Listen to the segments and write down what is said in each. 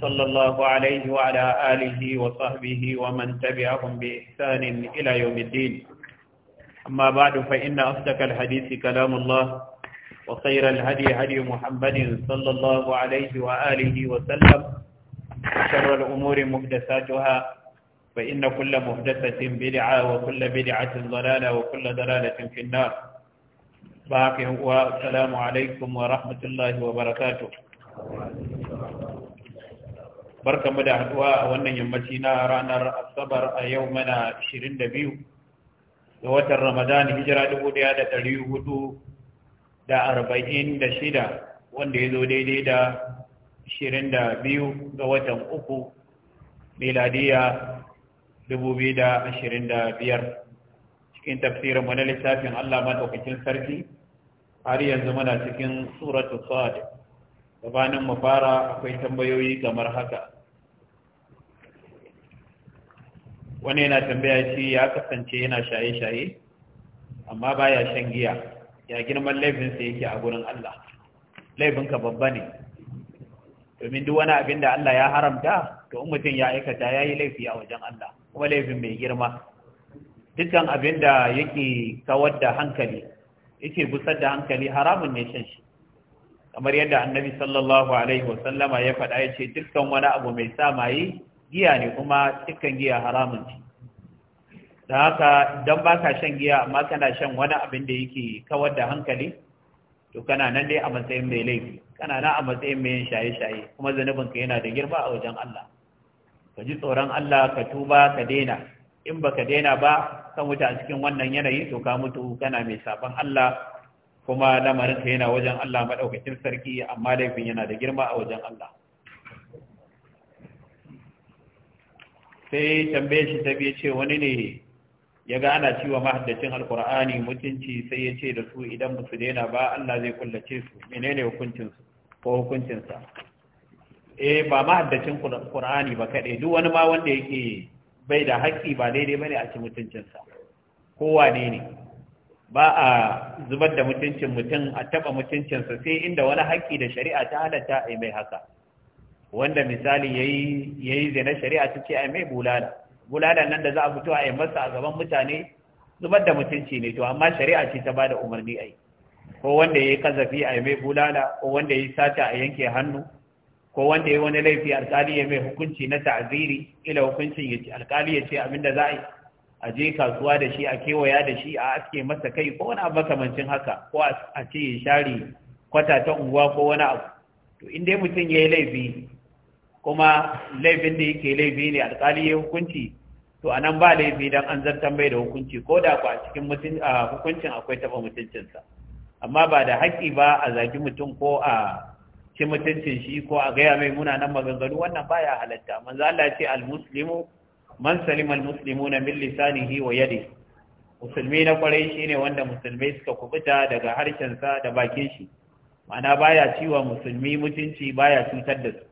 صلى الله عليه وعلى آله وصحبه ومن تبعهم بإحسان إلى يوم الدين أما بعد فإن أصدق الحديث كلام الله وخير الهدي هدي محمد صلى الله عليه وآله وسلم وشر الأمور محدثاتها فإن كل محدثة بدعة وكل بدعة ضلالة وكل ضلالة في النار باقي والسلام عليكم ورحمة الله وبركاته barkamu da haduwa a wannan yammaci na ranar asabar a yau mana 22 da watan ramadan hijira 1446 wanda ya zo daidai da 22 ga watan uku miladiya 2025 cikin tafsirin wani littafin allah maɗaukakin sarki har yanzu mana cikin suratu sadiq gabanin mu fara akwai tambayoyi kamar haka wani yana tambaya shi ya kasance yana shaye-shaye amma baya shan giya ya girman laifinsa yake a gurin Allah laifinka babba ne domin duk wani abin da Allah ya haramta to in mutum ya aikata ya yi laifi a wajen Allah kuma laifin mai girma dukkan abin da yake kawar da hankali yake busar da hankali haramun ne shan shi kamar yadda annabi sallallahu alaihi wasallama ya faɗa ya ce dukkan wani abu mai sa maye giya ne kuma dukkan giya haramun ce da haka don ba ka shan giya amma kana shan wani abin da yake kawar da hankali to kana nan dai a matsayin mai laifi kana nan a matsayin mai yin shaye-shaye kuma zanubinka yana da girma a wajen Allah ka ji tsoron Allah ka tuba ka daina in baka daina ba ka mutu a cikin wannan yanayi to ka mutu kana mai sabon Allah kuma lamarinka yana wajen Allah maɗaukacin sarki amma laifin yana da girma a wajen Allah sai tambaye shi ta biye ce wani ne ya ga ana ciwa mahaddacin alkur'ani mutunci sai ya ce da su idan musu daina ba Allah zai kullace su menene hukuncin su ko hukuncin eh ba mahaddacin qur'ani ba kaɗai duk wani ma wanda yake bai da haƙƙi ba daidai bane a ci mutuncin sa kowa ne ne ba a zubar da mutuncin mutum a taɓa mutuncinsa sai inda wani haƙƙi da shari'a ta halatta yi mai haka wanda misali yayi yayi zina shari'a su ce ai mai bulala bulala nan da za a fito a yi masa a gaban mutane zubar da mutunci ne to amma shari'a ce ta bada umarni ai ko wanda yayi kazafi ai mai bulala ko wanda ya yayi sata a yanke hannu ko wanda yayi wani laifi alkali ya mai hukunci na ta'ziri ila hukuncin ya ce alkali ya ce abin da za a yi a je kasuwa da shi a kewaya da shi a aske masa kai ko wani abu makamancin haka ko a ce ya share kwata ta unguwa ko wani abu to in dai mutum ya yi laifi kuma laifin da yake laifi ne alkali ya hukunci to anan ba laifi dan an zartan bai da hukunci ko da a cikin hukuncin akwai taba mutuncinsa amma ba da haƙƙi ba a zagi mutum ko a ci mutuncin shi ko a gaya mai muna munanan maganganu wannan baya halatta manzo Allah ya ce al-muslimu man salima al-muslimuna min lisanihi wa yadihi musulmi na kwarai shine wanda musulmai suka kubuta daga harshen sa da bakin shi ma'ana baya ciwa musulmi mutunci baya cutar da su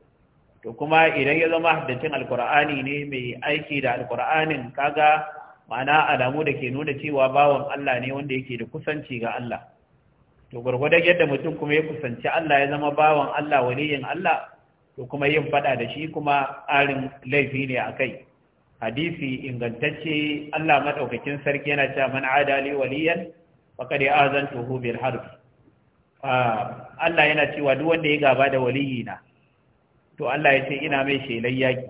to kuma idan ya zama haddancin alkur'ani ne mai aiki da alkur'anin kaga ma'ana alamu da ke nuna cewa bawan Allah ne wanda yake da kusanci ga Allah to gwargwadon yadda mutum kuma ya kusanci Allah ya zama bawan Allah waliyin Allah to kuma yin faɗa da shi kuma arin laifi ne a kai hadisi ingantacce Allah madaukakin sarki yana cewa man adali waliyan faqad azantuhu bil harb ah, Allah yana cewa duk wanda ya gaba da waliyina to Allah ya ce ina mai shelar yaki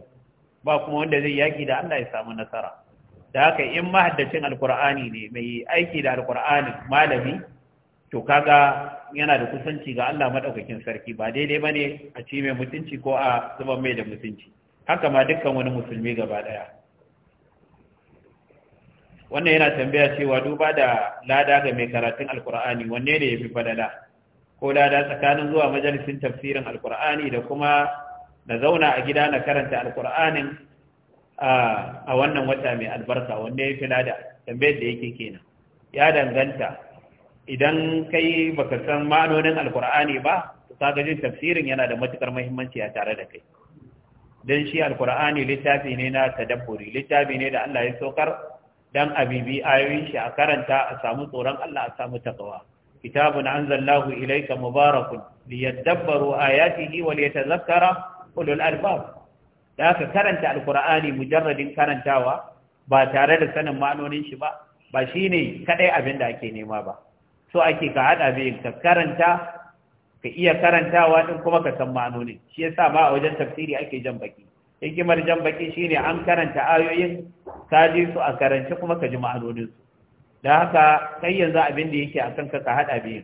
ba kuma wanda zai yaki da Allah ya samu nasara da haka in mahaddacin alkur'ani ne mai aiki da alkur'ani malami to kaga yana da kusanci ga Allah madaukakin sarki ba daidai bane a ci mai mutunci ko a zuban mai da mutunci haka ma dukkan wani musulmi gaba daya wannan yana tambaya cewa duba da lada ga mai karatun alkur'ani wanne ne yafi fadala ko lada tsakanin zuwa majalisin tafsirin alkur'ani da kuma na zauna a gida na karanta alkur'anin a wannan wata mai albarka wanda ya fi lada tambayar da yake kenan ya danganta idan kai baka san ma'anonin alkur'ani ba kaga jin tafsirin yana da matukar muhimmanci a tare da kai don shi alkur'ani littafi ne na tadabburi littafi ne da Allah ya saukar dan abibi ayoyin shi a karanta a samu tsoron Allah a samu takawa kitabun anzalallahu ilayka mubarakun liyadabbaru ayatihi wa liyatadhakkara ulul albab da aka karanta alkur'ani mujarradin karantawa ba tare da sanin ma'anonin shi ba ba shine kadai abinda ake nema ba so ake ka hada biyun ka karanta ka iya karantawa din kuma ka san ma'anonin shi yasa ba a wajen tafsiri ake jan baki hikimar jan baki shine an karanta ayoyin ka ji su a karance kuma ka ji ma'anonin su da haka kai yanzu abin da yake akan ka ka hada biyun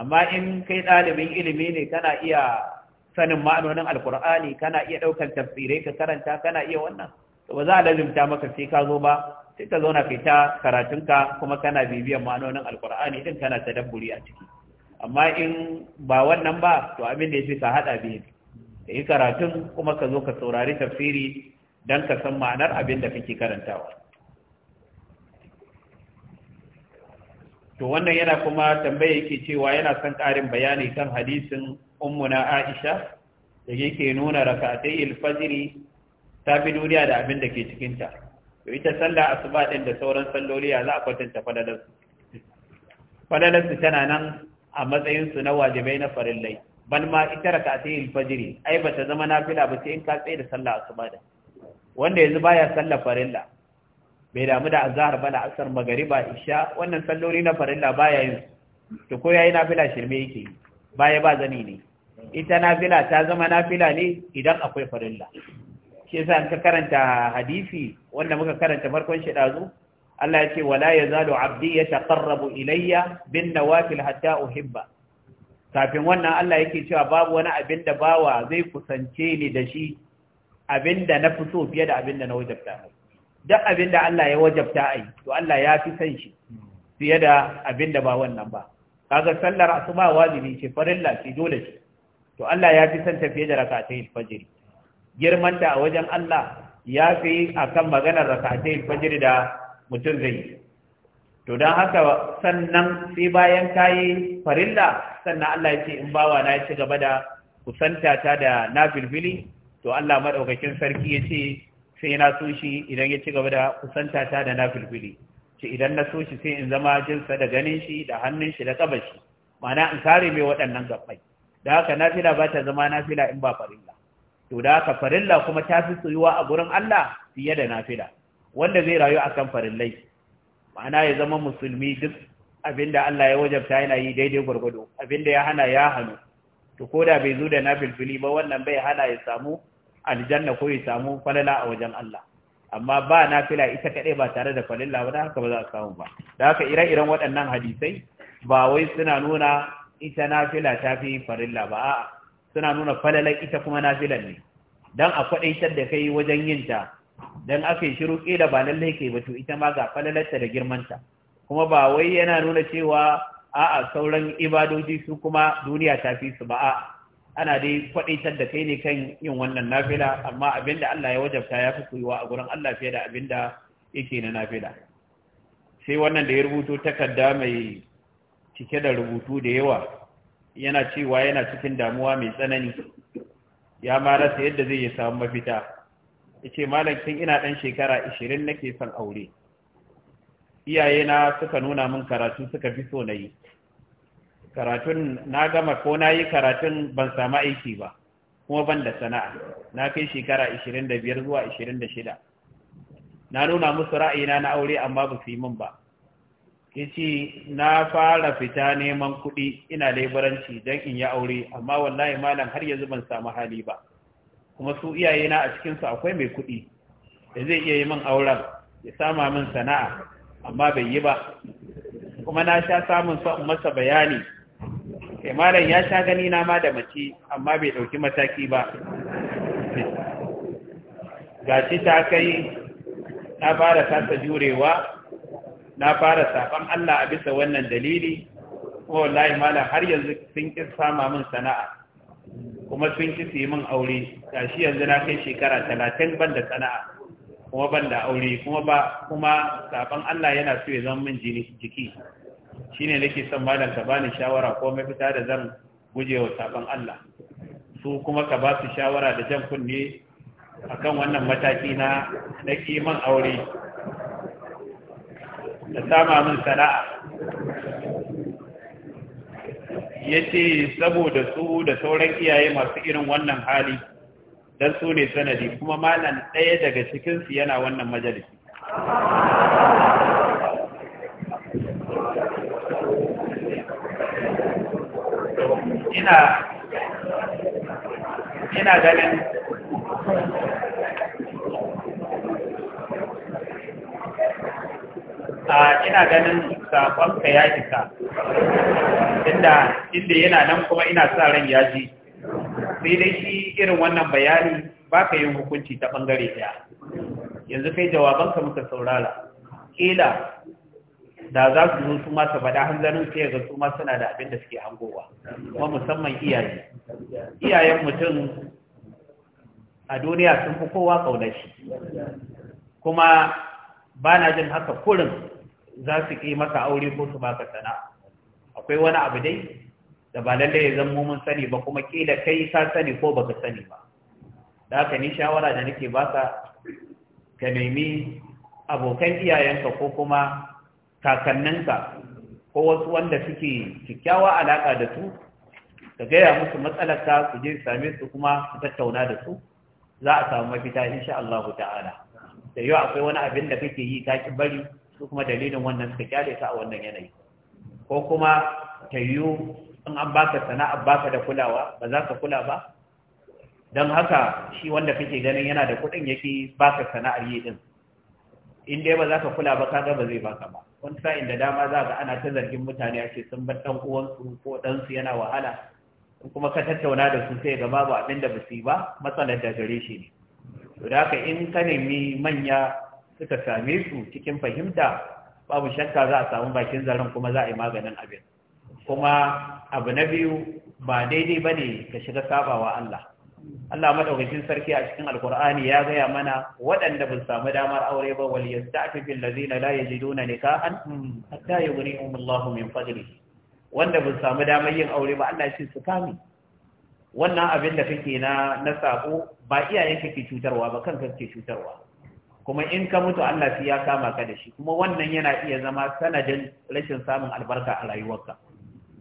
amma in kai ɗalibin ilimi ne kana iya sanin ma'anonin alkur'ani kana iya ɗaukar tafsirai ka karanta kana iya wannan to ba za a lazimta maka sai ka zo ba sai ka zauna kai ta karatunka kuma kana bibiyan ma'anonin alkur'ani din kana ta dabburi a ciki amma in ba wannan ba to abin da ya ka haɗa biyu ka yi karatun kuma ka zo ka saurari tafsiri don ka san ma'anar abin da kake karantawa to wannan yana kuma tambaya yake cewa yana son ƙarin bayani kan hadisin ummuna aisha da yake nuna raka'atai alfajiri ta fi duniya da abin da ke cikinta to ita sallah asuba din da sauran salloli ya za a kwatanta fadalarsu fadalarsu tana nan a matsayinsu na wajibai na farillai ban ma ita raka'atai alfajiri ai bata zama nafila ba sai in ka tsaye da sallah asuba da wanda yanzu baya sallah farilla bai damu da azahar ba la'asar magariba isha wannan salloli na farilla baya yin to ko yayi nafila shirme yake baya ba zani ne ita nafila ta zama nafila ne idan akwai farilla shi yasa ka karanta hadisi wanda muka karanta farkon shi dazu Allah ya ce wala yazalu abdi yataqarrabu ilayya bin nawafil hatta uhibba kafin wannan Allah yake cewa babu wani abin da bawa zai kusance ni da shi abin da na fi so fiye da abin da na wajabta duk abin da Allah ya wajabta a yi to Allah ya fi san shi fiye da abin da ba wannan ba kaga sallar asuba wajibi ce farilla ce dole ce to Allah ya fi san tafiye da rakatai fajiri girman ta a wajen Allah ya fi a kan maganar rakatai fajiri da mutum zai yi to don haka sannan sai bayan yi farilla sannan Allah ya ce in bawa na ya ci gaba da kusanta ta da na filfili to Allah maɗaukakin sarki ya ce sai na so shi idan ya ci gaba da kusanta ta da na filfili ce idan na so shi sai in zama jinsa da ganin shi da hannun shi da kaba shi ma'ana in kare mai waɗannan gabbai da haka nafila ba ta zama nafila in ba farilla to da haka farilla kuma ta fi tsayuwa a gurin Allah fiye da nafila wanda zai rayu a kan farillai ma'ana ya zama musulmi duk abinda Allah ya wajabta yana yi daidai gwargwado da ya hana ya hannu to ko da bai zo da nafilfili ba wannan bai hana ya samu aljanna ko ya samu falala a wajen Allah amma ba nafila ita kaɗai ba tare da falilla ba da haka ba za a samu ba da haka ire-iren waɗannan hadisai ba wai suna nuna ita nafila ta fi farilla ba a'a suna nuna falala ita kuma fila ne dan a kwaɗaitar da kai wajen yin ta dan aka yi shiru ƙila ba lallai kai ba ita ma ga falalarta da girmanta kuma ba wai yana nuna cewa a'a sauran ibadoji su kuma duniya ta fi su ba a'a ana dai faɗitar da kai ne kan yin wannan nafila amma abin da Allah ya wajabta ya fi kuyuwa a gurin Allah fiye da abin da yake na nafila sai wannan da ya rubuto takarda mai cike da rubutu da yawa yana cewa yana cikin damuwa mai tsanani ya ma rasa yadda zai yi samu mafita yace malam kin ina dan shekara 20 nake son aure iyayena suka nuna min karatu suka fi so na yi karatun na gama ko na yi karatun ban samu aiki ba kuma ban da sana'a na kai shekara 25 zuwa 26 na nuna musu ra'ayina na aure amma ba su yi min ba yace na fara fita neman kuɗi ina laibaranci don in yi aure amma wallahi malam har yanzu ban samu hali ba kuma su iyayena a cikinsu akwai mai kuɗi da zai iya yi min auren ya sama min sana'a amma bai yi ba kuma na sha samun sa masa bayani eh ya sha gani na ma da mace amma bai dauki mataki ba Ga shi ta kai na fara sasa jurewa na fara sabon Allah a bisa wannan dalili kuma wallahi malam har yanzu sun ki sama min sana'a kuma sun ki su yi min aure Ga shi yanzu na kai shekara talatin ban da sana'a kuma ban da aure kuma ba kuma Allah yana so ya zama min jiki shine nake son malam ka bani shawara ko mafita da zan guje wa sabon Allah su kuma ka ba su shawara da jan kunne akan wannan mataki na na kiman aure da sama min sana'a yace saboda su da sauran iyaye masu irin wannan hali dan su ne sanadi kuma malam ɗaya daga cikinsu yana wannan majalisi ina ina ganin a ina ganin sakonka ya isa inda inda yana nan kuma ina sa ran ya ji sai dai shi irin wannan bayani ba ka yin hukunci ta bangare ɗaya yanzu kai jawabanka muka saurara ƙila da za su zo su masa su faɗa hanzarin sai ga su suna da abin da suke hangowa kuma musamman iyaye iyayen mutum a duniya sun fi kowa ƙaunar shi kuma ba na jin haka kurin za su ƙi maka aure ko su baka sana'a akwai wani abu dai da ba lallai ya zama mun sani ba kuma kila kai ka sani ko baka sani ba da haka ni shawara da nake baka ka nemi abokan iyayenka ko kuma kakanninka ko wasu wanda suke kyakkyawa alaƙa da su ka gaya musu matsalarka su je same su kuma su tattauna da su za a samu mafita insha Allah ta'ala da yau akwai wani abin da kake yi kaki bari su kuma dalilin wannan suka kyale ka a wannan yanayi ko kuma ta yiwu in an baka sana'a baka da kulawa ba za ka kula ba don haka shi wanda kake ganin yana da kuɗin yake baka sana'ar yi din in dai ba za ka kula ba kaga ba zai baka ba wani sa'in da dama za ga ana ta zargin mutane ake sun bar dan uwansu ko ɗansu yana wahala kuma ka tattauna da su sai ga babu abin da su yi ba matsalar da gare shi ne to da haka in ka nemi manya suka same su cikin fahimta babu shakka za a samu bakin zaren kuma za a yi maganin abin kuma abu na biyu ba daidai ba ne ka shiga sabawa Allah Allah madaukakin sarki a cikin alkur'ani ya gaya mana waɗanda ba samu damar aure ba wal yasta'fifil ladina la yajiduna nikahan hatta yughnihum Allahu min fadlihi wanda ba samu damar yin aure ba Allah shi su kame wannan abin da kake na na sako ba iyayen kake cutarwa ba kanka kake cutarwa kuma in ka mutu Allah sai ya kama ka da shi kuma wannan yana iya zama sanadin rashin samun albarka a rayuwarka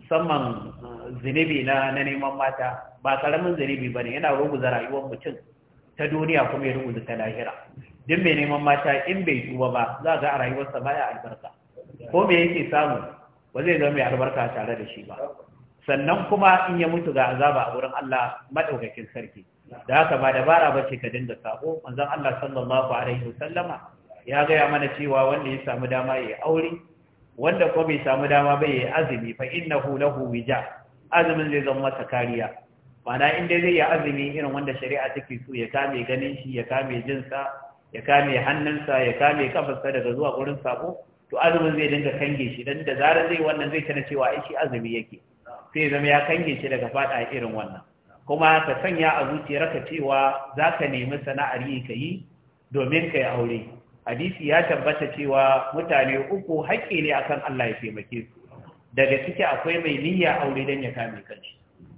musamman uh, zunubi na neman mata ba karamin zunubi ba ne yana ruguza rayuwar mutum ta duniya kuma ya ruguza ta lahira duk mai neman mata in bai tuba ba za ga a rayuwarsa baya albarka ko me yake samu ba zai zama mai albarka tare da shi ba sannan kuma in ya mutu ga azaba a wurin Allah madaukakin sarki da haka ba dabara ba ce ka dinga sako manzon Allah sallallahu alaihi wasallama ya gaya mana cewa wanda ya samu dama ya aure wanda ko bai samu dama bai yi azumi fa innahu lahu wija azumin zai zama masa kariya mana in dai zai yi azumi irin wanda shari'a take so ya kame ganin shi ya kame jinsa ya kame hannunsa ya kame kafarsa daga zuwa gurin sako to azumin zai dinga kange shi dan da zarar zai wannan zai tana cewa ai shi azumi yake sai zama ya kange shi daga fada irin wannan kuma ka sanya a zuciyarka cewa zaka nemi sana'ar yi ka yi domin ka yi aure hadisi ya tabbata cewa mutane uku haƙƙi ne akan Allah ya taimake su daga ciki akwai mai niyya aure dan ya kame kanshi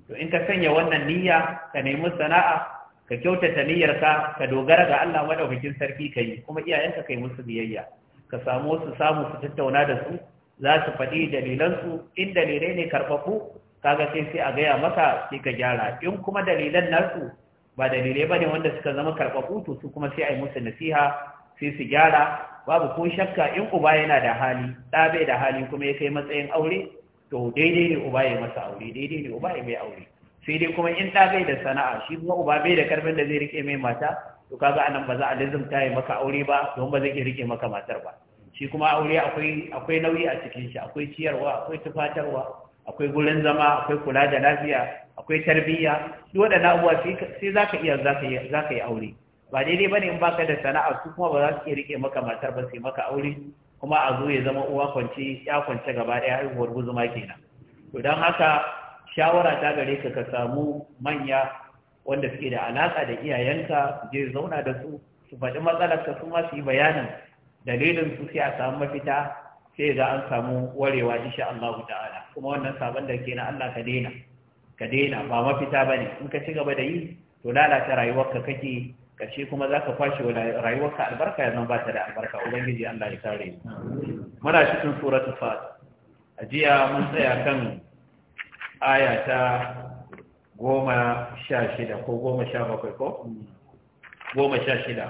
to in ka sanya wannan niyya ka nemi sana'a ka kyautata niyyarka ka dogara ga Allah madaukakin sarki kai kuma iyayenka kai musu biyayya ka samu su samu su tattauna da su za su faɗi dalilansu in dalilai ne karɓafu kaga sai sai a gaya maka sai ka gyara in kuma dalilan nasu ba dalilai ba ne wanda suka zama karɓafu to su kuma sai a yi musu nasiha sai su gyara babu ko shakka in uba yana da hali ɗa bai da hali kuma ya kai matsayin aure to daidai ne uba ya masa aure daidai ne uba ya mai aure sai dai kuma in ɗa bai da sana'a shi kuma uba bai da karfin da zai rike mai mata to kaga anan ba za a ta ya maka aure ba don ba zai iya rike maka matar ba shi kuma aure akwai akwai nauyi a cikin shi akwai ciyarwa akwai tufatarwa akwai gurin zama akwai kula da lafiya akwai tarbiyya duk waɗannan abubuwa sai zaka iya za yi aure ba daidai bane in baka da sana'a su kuma ba za su iya rike maka matar ba sai maka aure kuma a zo ya zama uwa kwance ya kwance gaba ɗaya haihuwar guzuma kenan to don haka shawara ta gare ka ka samu manya wanda suke da alaƙa da iyayenka su je zauna da su su faɗi matsalar ka su ma su yi bayanin dalilin su sai a samu mafita sai ga an samu warewa insha allahu ta'ala kuma wannan sabon da ke na Allah ka daina ka daina ba mafita bane in ka ci gaba da yi to lalata rayuwarka kake ƙarshe kuma za ka rayuwar ka albarka ya zama bata da albarka ubangiji Allah ya kare muna cikin suratu fat a jiya mun tsaya kan aya ta goma sha shida ko goma sha bakwai ko goma sha shida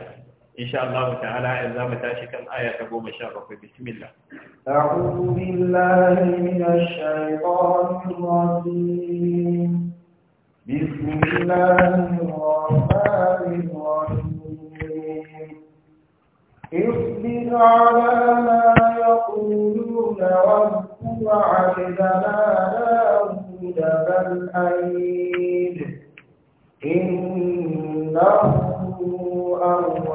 إن شاء الله تعالى إذا متاشك الآية أبو مشارف بسم الله أعوذ بالله من الشيطان الرجيم بسم الله الرحمن الرحيم اصبر على ما يقولون واذكر عبدنا داود بل أيد إنه أواب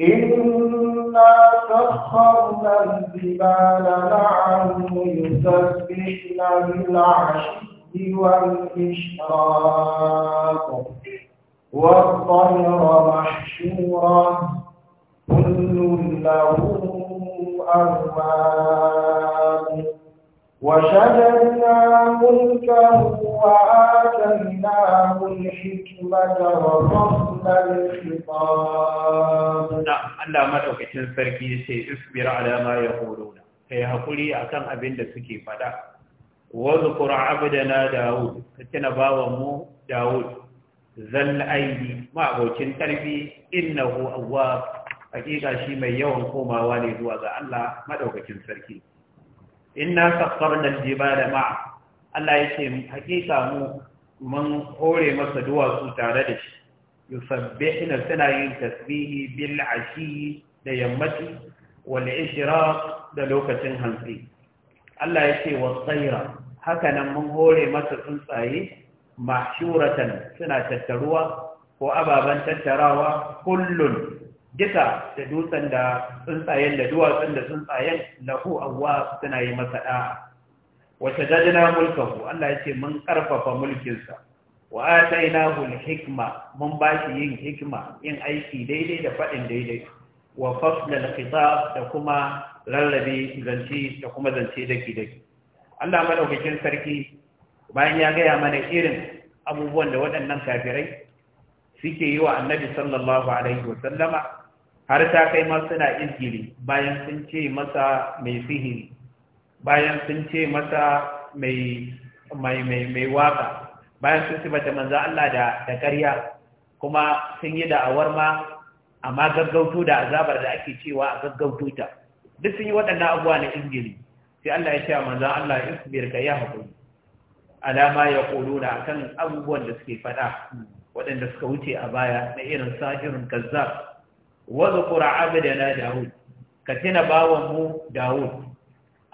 إنا سخرنا الجبال معه يسبحن بالعشي والإشراق والطير محشورا كل له أرباب وشددنا ملكه وآتيناه الحكمة وفصل الخطاب نعم الله مدوكة سركي سي اصبر على ما يقولون kai hakuri akan abin da suke fada واذكر عبدنا داود كتنا باوا مو داود ذل أيدي ما أبوكين تربي إنه أواب حقيقة shi mai yawan komawa ne zuwa ga Allah madaukakin sarki inna sakkarna aljibala ma'a Allah yake hakika mu mun hore masa duwatsu tare da shi yusabbihuna suna yin tasbihi bil'ashi, da yammaci wal ishraq da lokacin hantsi Allah yake wasaira haka nan mun hore masa tsuntsaye mashuratan suna tattaruwa ko ababen tattarawa kullun gisa da dutsen da tsuntsayen da duwatsun da tsuntsayen lahu awwa suna yi masa da'a wata jajina mulkahu Allah ya ce mun karfafa mulkinsa wa atainahu hul hikma mun bashi yin hikma yin aiki daidai da faɗin daidai wa fasl al da kuma rarrabe zance da kuma zance daki daki Allah madaukakin sarki bayan ya gaya mana irin abubuwan da waɗannan kafirai suke yi wa annabi sallallahu alaihi wasallama har ta kai ma suna izgiri bayan sun ce masa mai sihiri bayan sun ce masa mai waka bayan sun ce bata manza. Allah da ƙarya kuma sun yi da'awar ma amma gaggautu da azabar da ake cewa a gaggautu ta duk sun yi waɗannan abuwa na ingili sai Allah ya ce manzon Allah isbir ka ya haƙuri alama ya kuluna akan abubuwan da suke fada waɗanda suka wuce a baya na irin sahirin kazzab wa da na dawud ka tina bawan mu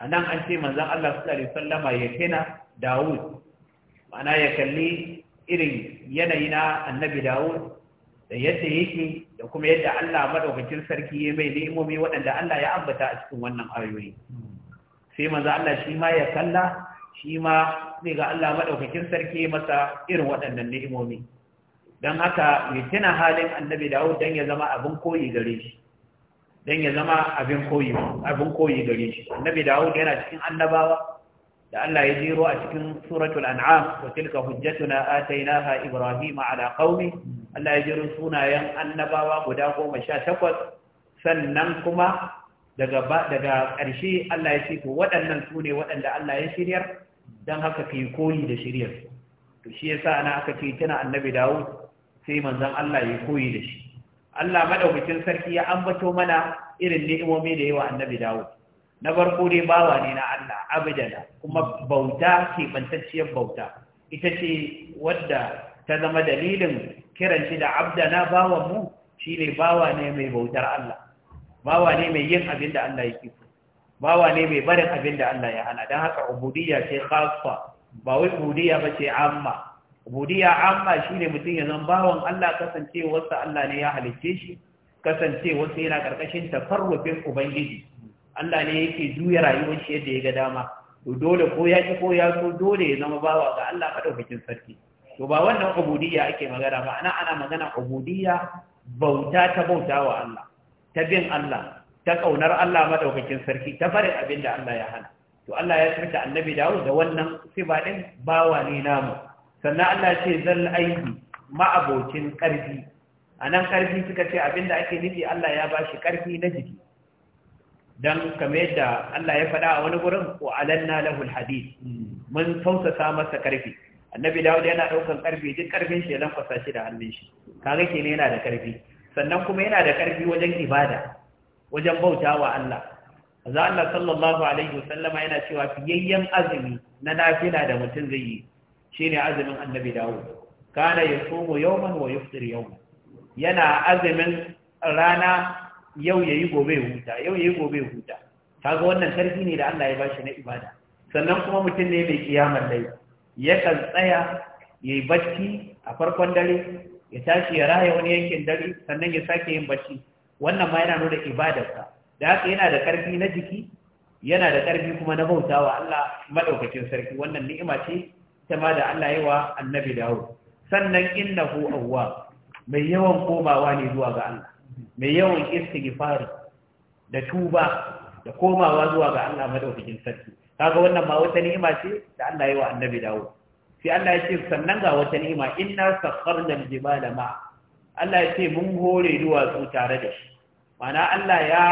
A nan an ce manzon Allah su alaihi sallama ya tina dawud ma'ana ya kalli irin yanayi na annabi dawud da yadda yake da kuma yadda Allah madaukakin sarki ya mai ni'imomi waɗanda Allah ya ambata a cikin wannan ayoyi sai manzo Allah shi ma ya kalla shi ma zai ga Allah madaukakin sarki masa irin waɗannan ni'imomi dan haka mai tuna halin annabi Dawud dan ya zama abin koyi gare shi dan ya zama abin koyi abin koyi gare shi annabi Dawud yana cikin annabawa da Allah ya jiro a cikin suratul an'am wa tilka hujjatuna atainaha Ibrahim, ala qaumi Allah ya jiro sunayen annabawa guda 18 sannan kuma daga ƙarshe Allah ya ce to waɗannan su ne waɗanda Allah ya shiryar don haka ka yi koyi da shiryar to shi yasa ana aka ce tana annabi Dawud sai manzon Allah ya koyi da shi Allah madaukakin sarki ya ambato mana irin ni'imomi da yawa annabi Dawud na farko dai bawa ne na Allah abidana kuma bauta ke bantacciyar bauta ita ce wadda ta zama dalilin kiran shi da abdana bawanmu shi shine bawa ne mai bautar Allah bawa ne mai yin abin da Allah yake so bawa ne mai barin abin da Allah ya hana don haka ubudiyya ce khassa ba wai ubudiyya ba ce amma ubudiyya amma shine mutum ya zama bawan Allah wasu Allah ne ya halicce shi wasu yana karkashin tafarrufin ubangiji Allah ne yake juya rayuwar shi yadda ya ga dama to dole ko ya ko ya so dole ya zama bawa ga Allah madaukakin sarki to ba wannan ubudiyya ake magana ba ana ana magana ubudiyya bauta ta bauta wa Allah ta bin Allah ta ƙaunar Allah madaukakin sarki ta farin abin da Allah ya hana to Allah ya tsarki annabi dawo da wannan siba ɗin bawa ne namu sannan Allah ce zan aiki ma'abocin ƙarfi a nan ƙarfi suka ce abin da ake nufi Allah ya ba shi ƙarfi na jiki don kame yadda Allah ya faɗa a wani gurin ko alanna lahul hadid mun tausasa masa ƙarfi annabi dawud yana ɗaukan ƙarfi duk ƙarfin shi ya lankwasa shi da hannun shi kaga ne yana da ƙarfi sannan kuma yana da ƙarfi wajen ibada wajen bauta wa Allah za Allah sallallahu alaihi wasallama yana cewa fiyayyen azumi na nafila da mutum zai yi shine azumin annabi dawud kana ya yau yawman wa yuftir yau. yana azumin rana yau yayi gobe huta yau yayi gobe huta kaga wannan ƙarfi ne da Allah ya bashi na ibada sannan kuma mutum ne mai kiyamar Ya kan tsaya yayi bacci a farkon dare ya tashi ya raya wani yankin dare sannan ya sake yin bacci wannan ma yana nuna ibadarsa da haka yana da ƙarfi na jiki yana da ƙarfi kuma na bautawa Allah madaukakin sarki wannan ni'ima ce ta ma da Allah yawa annabi dawo sannan innahu awwa mai yawan komawa ne zuwa ga Allah mai yawan istighfari da tuba da komawa zuwa ga Allah madaukakin sarki kaga wannan ma wata ni'ima ce da Allah yawa annabi dawo sai Allah ya ce sannan ga wata ni'ima inna sakharna al-jibala ma Allah ya ce mun hore duwatsu tare da shi mana Allah ya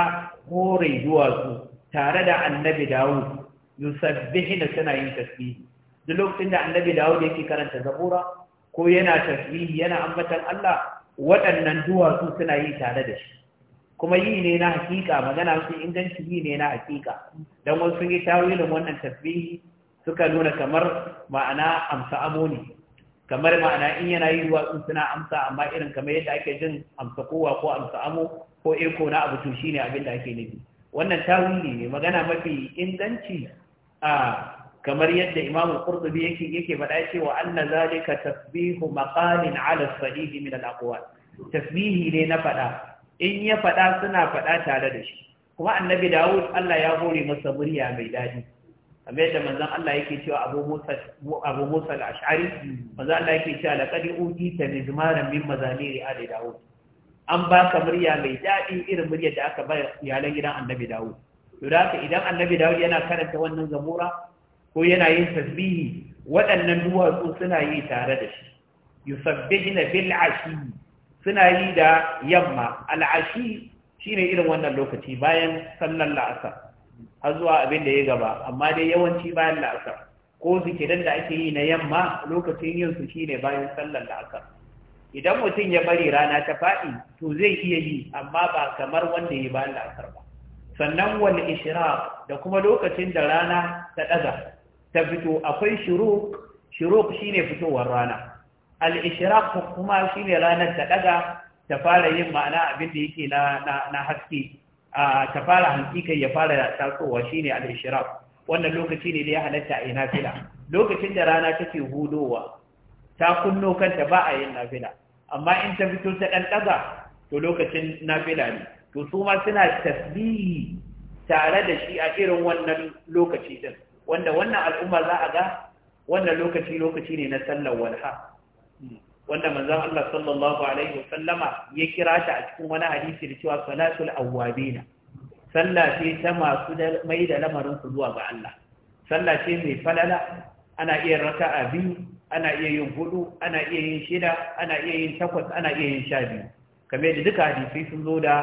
hore duwatsu tare da annabi Dawud yusabbihina suna yin tasbihi duk lokacin da annabi Dawud yake karanta zabura ko yana tasbihi yana ambatan Allah waɗannan duwatsu suna yi tare da shi kuma yi ne na hakika magana sun inganci yi ne na hakika don wasu sun yi tawilin wannan tasbihi suka nuna kamar ma'ana amsa ne. kamar ma'ana in yana yi ruwa suna amsa amma irin kamar yadda ake jin amsa kowa ko amsa amo ko eko na abu to ne abin da ake nufi wannan tawili ne magana mafi inganci a kamar yadda imamu qurtubi yake yake faɗa cewa anna zalika tasbihu maqalin ala sadihi min al aqwal tasbihi ne na faɗa in ya faɗa suna faɗa tare da shi kuma annabi dawud Allah ya hore masa murya mai daɗi kamar yadda manzon Allah yake cewa Abu Musa Abu Musa al-Ash'ari manzon Allah yake cewa laqad utita mizmaran min mazamiri ali Dawud an ba ka murya mai daɗi irin muryar da aka bayar iyalan gidan Annabi Dawud to da idan Annabi Dawud yana karanta wannan zamora ko yana yin tasbihi waɗannan duwatsu suna yi tare da shi yusabbihuna bil ashi suna yi da yamma al ashi shine irin wannan lokaci bayan sallar la'asar har zuwa abin da ya gaba amma dai yawanci bayan la'asar ko zikirin da ake yi na yamma lokacin yin su shine bayan sallar la'asar idan mutum ya bari rana ta faɗi to zai iya yi amma ba kamar wanda ya bayan la'asar ba sannan wal ishraq da kuma lokacin da rana ta ɗaga ta fito akwai shuruq shuruq shine fitowar rana al ishraq kuma shine ranar ta ɗaga ta fara yin ma'ana abin da yake na na haske a ta fara hantsi ya fara tasowa shine al-ishraq wannan lokaci ne da ya halatta a nafila lokacin da rana take hudowa ta kunno kanta ba a yin nafila amma in ta fito ta dan daga to lokacin nafila ne to su ma suna tasbihi tare da shi a irin wannan lokaci din wanda wannan al'umma za a ga wannan lokaci lokaci ne na sallar walha wanda manzan Allah sallallahu alaihi wasallama ya kira a cikin wani hadisi da cewa salatul awwabina sallah ce ta masu mai da lamarin su zuwa ga Allah sallah ce mai falala ana iya a biyu ana iya yin hudu ana iya yin shida ana iya yin takwas ana iya yin sha biyu kamar yadda duka hadisai sun zo da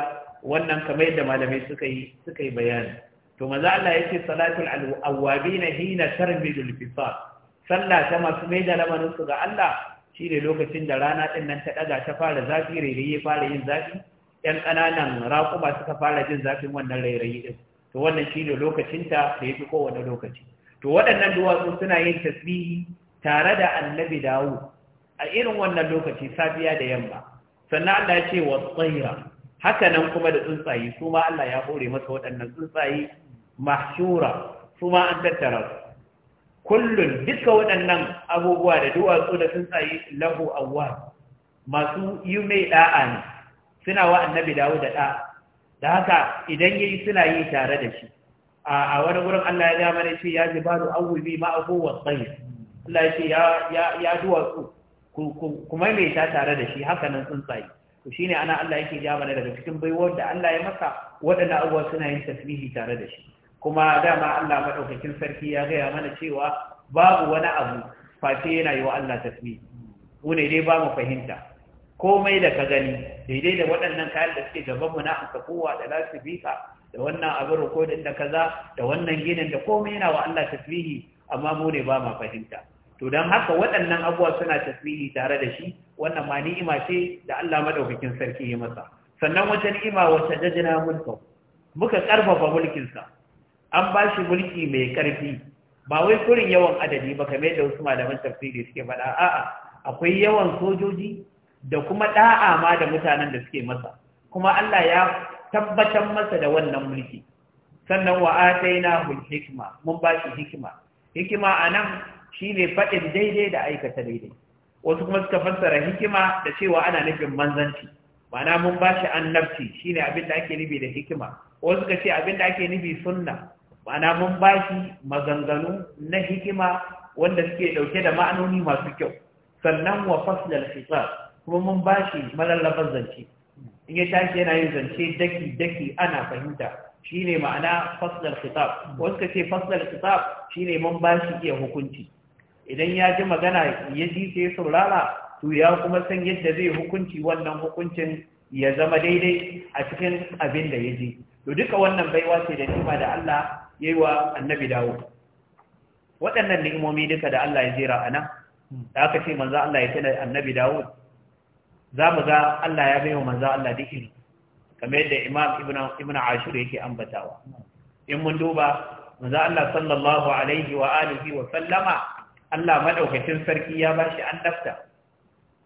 wannan kamar yadda malamai suka yi suka yi bayani to maza Allah ya ce salatul awwabina hina tarmidul fisal sallah ta masu mai da lamarin su ga Allah shi ne lokacin da rana ɗin nan ta ɗaga ta fara zafi rairayi ya fara yin zafi ‘yan ƙananan raƙuma suka fara jin zafin wannan rairayi ɗin to wannan shi ne lokacinta da ya fi kowane lokaci to waɗannan duwatsu suna yin tasbihi tare da annabi dawo a irin wannan lokaci safiya da yamma sannan Allah ya ce wa tsaira haka nan kuma da tsuntsaye su ma Allah ya hore masa waɗannan tsuntsaye mahshura su ma an tattara su Kullum, duka waɗannan abubuwa da duwatsu da tsuntsaye lahu awwa masu yi mai da'a ne suna wa annabi dawo da da'a da haka idan yayi suna yi tare da shi a wani wurin Allah ya ga mana shi ya jibalu awwi ma'ahu wa tsayi Allah ya ce ya ya duwatsu kuma mai ta tare da shi haka nan tsaye. to shine ana Allah yake ja mana daga cikin baiwar da Allah ya maka waɗannan abubuwa suna yin tasbihi tare da shi kuma dama Allah madaukakin sarki ya gaya mana cewa babu wani abu face yana yi wa Allah tasbih mu ne dai ba mu fahimta komai da ka gani daidai da waɗannan kayan da suke gaban mu na kowa da lasibika da wannan abin rikodin da kaza da wannan ginin da komai yana wa Allah tasbihi amma mu ne ba mu fahimta to don haka waɗannan abuwa suna tasbihi tare da shi wannan ma ni'ima ce da Allah madaukakin sarki ya masa sannan wata ni'ima wata jajina mulkin muka karfafa mulkin sa. an ba shi mulki mai ƙarfi ba wai kurin yawan adadi ba kamar da wasu malaman tafsiri suke faɗa a'a akwai yawan sojoji da kuma da'a ma da mutanen da suke masa kuma Allah ya tabbatar masa da wannan mulki sannan wa ataina hul hikma mun ba shi hikima hikima anan shine faɗin daidai da aikata daidai wasu kuma suka fassara hikima da cewa ana nufin manzanci ma'ana mun ba shi annabci shine abin da ake nufi da hikima wasu suka ce abin da ake nufi sunna ma'ana mun bashi maganganu na hikima wanda suke dauke da ma'anoni masu kyau sannan wa faslal fitar kuma mun shi malallafan zance in ya tashi yana yin zance daki daki ana fahimta shine ma'ana faslal hisab wasu fasilar faslal shi shine mun bashi iya hukunci idan ya ji magana ya ji sai saurara to ya kuma san yadda zai hukunci wannan hukuncin ya zama daidai a cikin abin da ya ji to duka wannan baiwa ce da ni'ima da Allah yayi wa annabi dawo waɗannan ni'imomi duka da Allah ya jera ana da aka ce manzo Allah ya tana annabi dawo za mu ga Allah ya baiwa manzo Allah duk kamar yadda Imam Ibn Ibn Ashur yake ambatawa in mun duba manzo Allah sallallahu alaihi wa alihi wa sallama Allah madaukakin sarki ya bashi annabta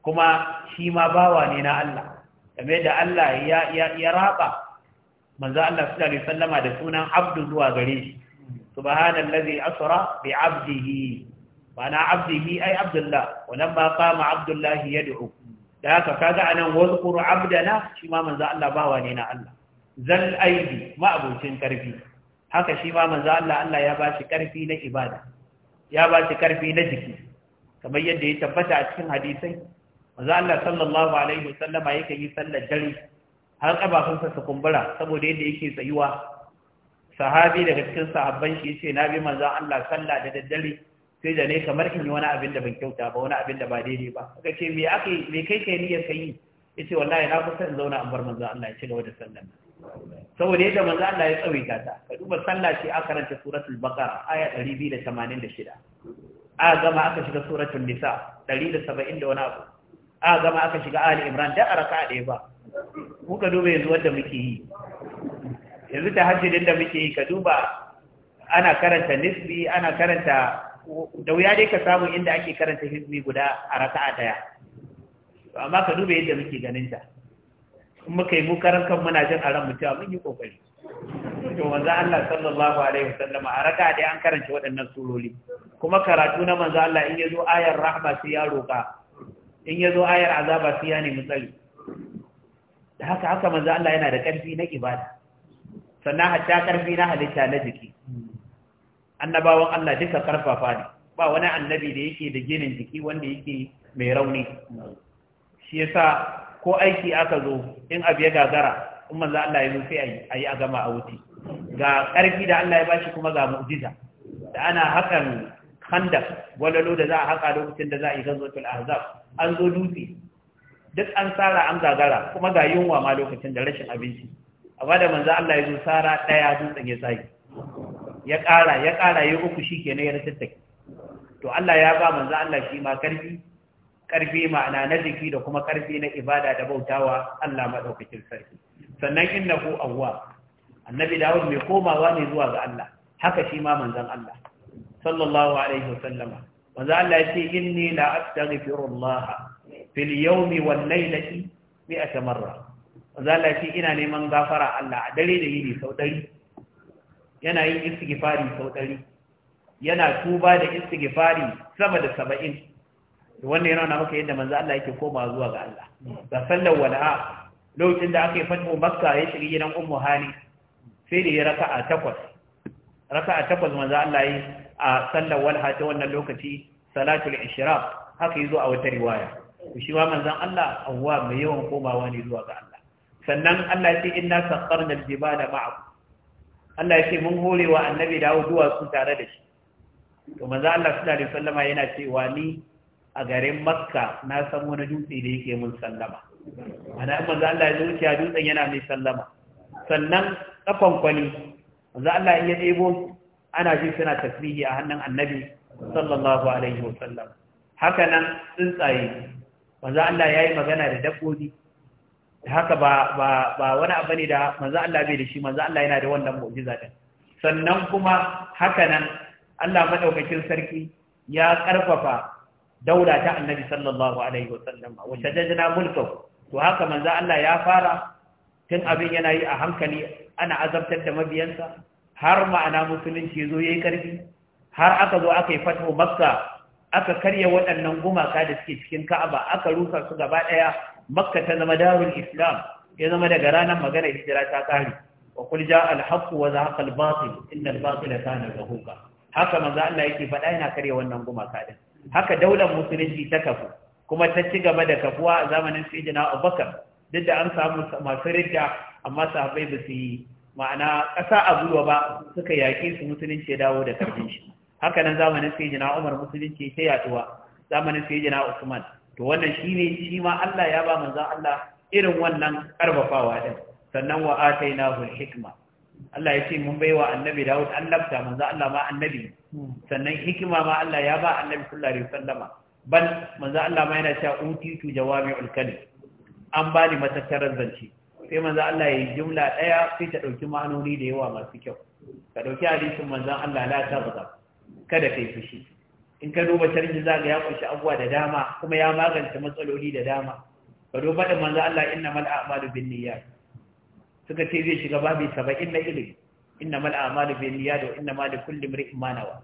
kuma shi ma bawa ne na Allah kamar yadda Allah ya ya, ya raba manzo Allah sallallahu alaihi wasallama da sunan abdu zuwa gare shi subhanallazi asra bi abdihi ma'ana abdihi ai abdullah ba qama abdullahi yad'u da haka kaga anan wazkur abdana shi ma manzo Allah bawa ne na Allah zal aidi ma abocin karfi haka shi ma manzo Allah Allah ya bashi karfi na ibada ya bashi karfi na jiki kamar yadda ya tabbata a cikin hadisai manzo Allah sallallahu alaihi wasallama yake yi sallar dare har kafafunsa su kumbura saboda yadda yake tsayuwa sahabi daga cikin sahabban shi yace na bi manzon Allah sallah da daddare sai da ne kamar in yi wani abin da ban kyauta ba wani abin da ba daidai ba aka ce me aka me kai kai yake yi yace wallahi na kusa in zauna an bar manzo Allah ya ci gaba da sallan saboda yadda manzo Allah ya tsawai ta ka duba sallah ce aka karanta suratul baqara aya 286 aka gama aka shiga suratul nisa 170 da wani abu a gama aka shiga ali imran da a raka ɗaya ba muka duba yanzu wanda muke yi yanzu ta din da muke yi ka duba ana karanta nisbi ana karanta da wuya dai ka samu inda ake karanta hizbi guda a a daya amma ka duba yadda muke ganin ta in muka yi mukarar kan muna jin aran mutuwa mun yi kokari to manzo Allah sallallahu alaihi wasallam a raka'a ɗaya an karanta waɗannan suroli kuma karatu na manzo Allah in yazo ayar rahma sai ya roka in ya zo ayar azaba su ya nemi tsari da haka haka manzo Allah yana da ƙarfi na ibada sannan hatta ƙarfi na halitta na jiki annabawan Allah duka ƙarfafa ne ba wani annabi da yake da ginin jiki wanda yake mai rauni shi yasa ko aiki aka zo in abu ya gagara in manzo Allah ya zo sai ayi a gama a wuce ga ƙarfi da Allah ya bashi kuma ga mu'jiza da ana hakan khandaq walalo da za a haka lokacin da za a yi ghazwatul ahzab an zo dutse duk an tsara an zagara kuma ga yunwa ma lokacin da rashin abinci amma da manzo Allah ya zo tsara daya dutsen ya tsage ya ƙara ya ƙara ya uku shi kenan ya tattake to Allah ya ba manzo Allah shi ma karfi karfi ma'ana na jiki da kuma karfi na ibada da bautawa Allah madaukakin sarki sannan innahu awwa annabi Dawud mai komawa ne zuwa ga Allah haka shi ma manzan Allah sallallahu alaihi wasallama manzo Allah ya ce inni la astaghfirullah fil yawmi wal laylati a marra manzo Allah ya ce ina neman gafara Allah a dare da yini sau dari yana yin istighfari sau dari yana tuba da istighfari sama da saba'in wannan yana nuna maka yadda manzo Allah yake koma zuwa ga Allah ga sallar wala'a lokacin da aka yi fatihu makka ya shiga gidan ummu hani sai da ya raka'a takwas raka'a takwas manzo Allah ya yi a sallar walha ta wannan lokaci salatul ishraq haka yazo a wata riwaya shi ma manzon Allah awwa mai yawan komawa ne zuwa ga Allah sannan Allah ya ce inna al-jibala ma'ak Allah ya ce mun hore wa annabi dawo duwatsu tare da shi to manzon Allah sallallahu alaihi wasallama yana cewa ni a garin Makka na san wani dutse da yake mun sallama ana manzon Allah ya zuciya dutsen yana mai sallama sannan kafan kwani manzon Allah ya debo ana jin suna tasbihi a hannun annabi sallallahu alaihi wasallam haka nan tsuntsaye manzo Allah yi magana da dabbobi haka ba ba ba wani abu ne da manzo Allah bai da shi manzo Allah yana da wannan mu'jiza din sannan kuma haka nan Allah madaukakin sarki ya karfafa daula ta annabi sallallahu alaihi wasallam wa shajjana mulkahu to haka manzo Allah ya fara tun abin yana yi a hankali ana azabtar da mabiyansa har ma'ana musulunci ya zo ya yi ƙarfi har aka zo aka yi fatahu makka aka karya waɗannan gumaka da suke cikin ka'aba aka rusa su gaba ɗaya makka ta zama darul islam ya zama daga ranar magana hijira ta ƙare wa kul ja al haqq wa zahaqa al batil inna al batila kana zahuqa haka manzo Allah yake faɗa yana karya wannan gumaka din haka daular musulunci ta kafu kuma ta ci gaba da kafuwa a zamanin sayyidina Abubakar duk da an samu masu ridda amma sahabbai ba su yi ma'ana ƙasa a gwiwa ba suka yaƙi su musulunci ya dawo da ƙarfin shi haka nan zamanin sai jina umar musulunci ta yaduwa zamanin sai jina usman to wannan shi ne shi ma allah ya ba manzan allah irin wannan ƙarfafawa ɗin. sannan wa na hul hikma Allah ya ce mun bai wa annabi Dawud annabta manzan Allah ma annabi sannan hikima ma Allah ya ba annabi sallallahu alaihi wasallama ban manzan Allah ma yana cewa utitu jawami'ul kalim an bani matattarar zance sai manzo Allah ya yi jumla ɗaya sai ta ɗauki ma'anoni da yawa masu kyau ka ɗauki hadisin manzan Allah la ta buga kada kai fushi in ka duba sharhi za ga ya kunshi abuwa da dama kuma ya magance matsaloli da dama ka duba da manzan Allah innamal a'malu binniyat suka ce zai shiga babi 70 na ilimi innamal a'malu binniyat wa innamal likulli imrin ma nawa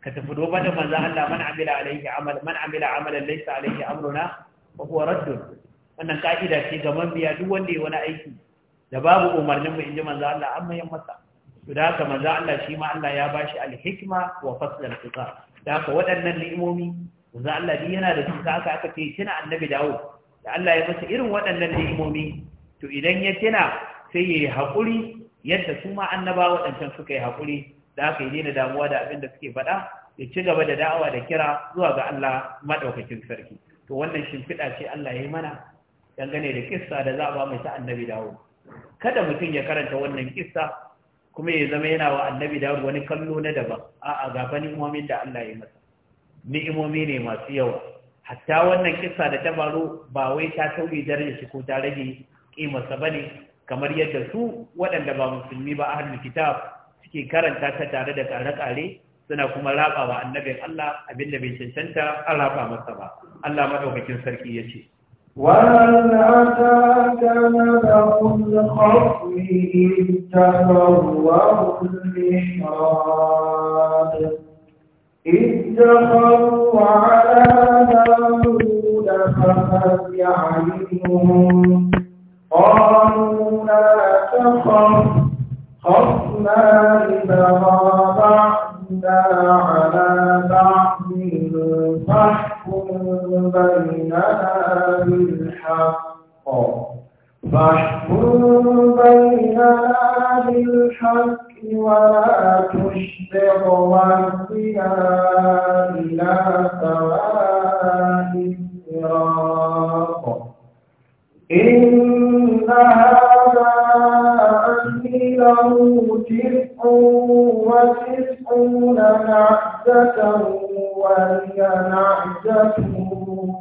ka tafi duba da manzo Allah man amila alaihi amal man amila amalan laysa alaihi amruna wa huwa raddun wannan ka'ida ce ga mabiya duk wanda ya wani aiki da babu umarnin mu inji manzo Allah an mayan masa to da haka manzo Allah shi ma Allah ya bashi al-hikma wa faslal qita da haka waɗannan ni'imomi manzo Allah din yana da su da haka aka ce kina annabi dawo da Allah ya masa irin waɗannan ni'imomi to idan ya kina sai yayi hakuri yadda su ma annaba waɗancan suka yi hakuri da haka daina damuwa da abin da suke faɗa ya ci gaba da da'awa da kira zuwa ga Allah madaukakin sarki to wannan shimfiɗa ce Allah ya yi mana dangane da kissa da za a ba mai ta annabi dawo kada mutum ya karanta wannan kissa kuma ya zama yana wa annabi dawo wani kallo na daban a'a ga fa ni'imomin da Allah ya masa ni'imomi ne masu yawa hatta wannan kissa da ta faru ba wai ta sauye darajar shi ko ta rage kimarsa ne, kamar yadda su waɗanda ba musulmi ba ahlul kitab suke karanta ta tare da kare-kare suna kuma raba wa annabin Allah abinda bai cancanta an raba masa ba Allah madaukakin sarki ya ce وهل أتاك نبأ الخصم إذ تفروا المحراب إذ دخلوا على داود ففزع يَعْلِمُهُمْ قالوا لا تخف خصمان بغى بعض على بعض فاحكم بيننا بالحق فاحكم بيننا بالحق ولا تشبع واهدنا إلى سواء الصراط إن هذا أخي له تسع وتسع يكون نعجته ولي نعجته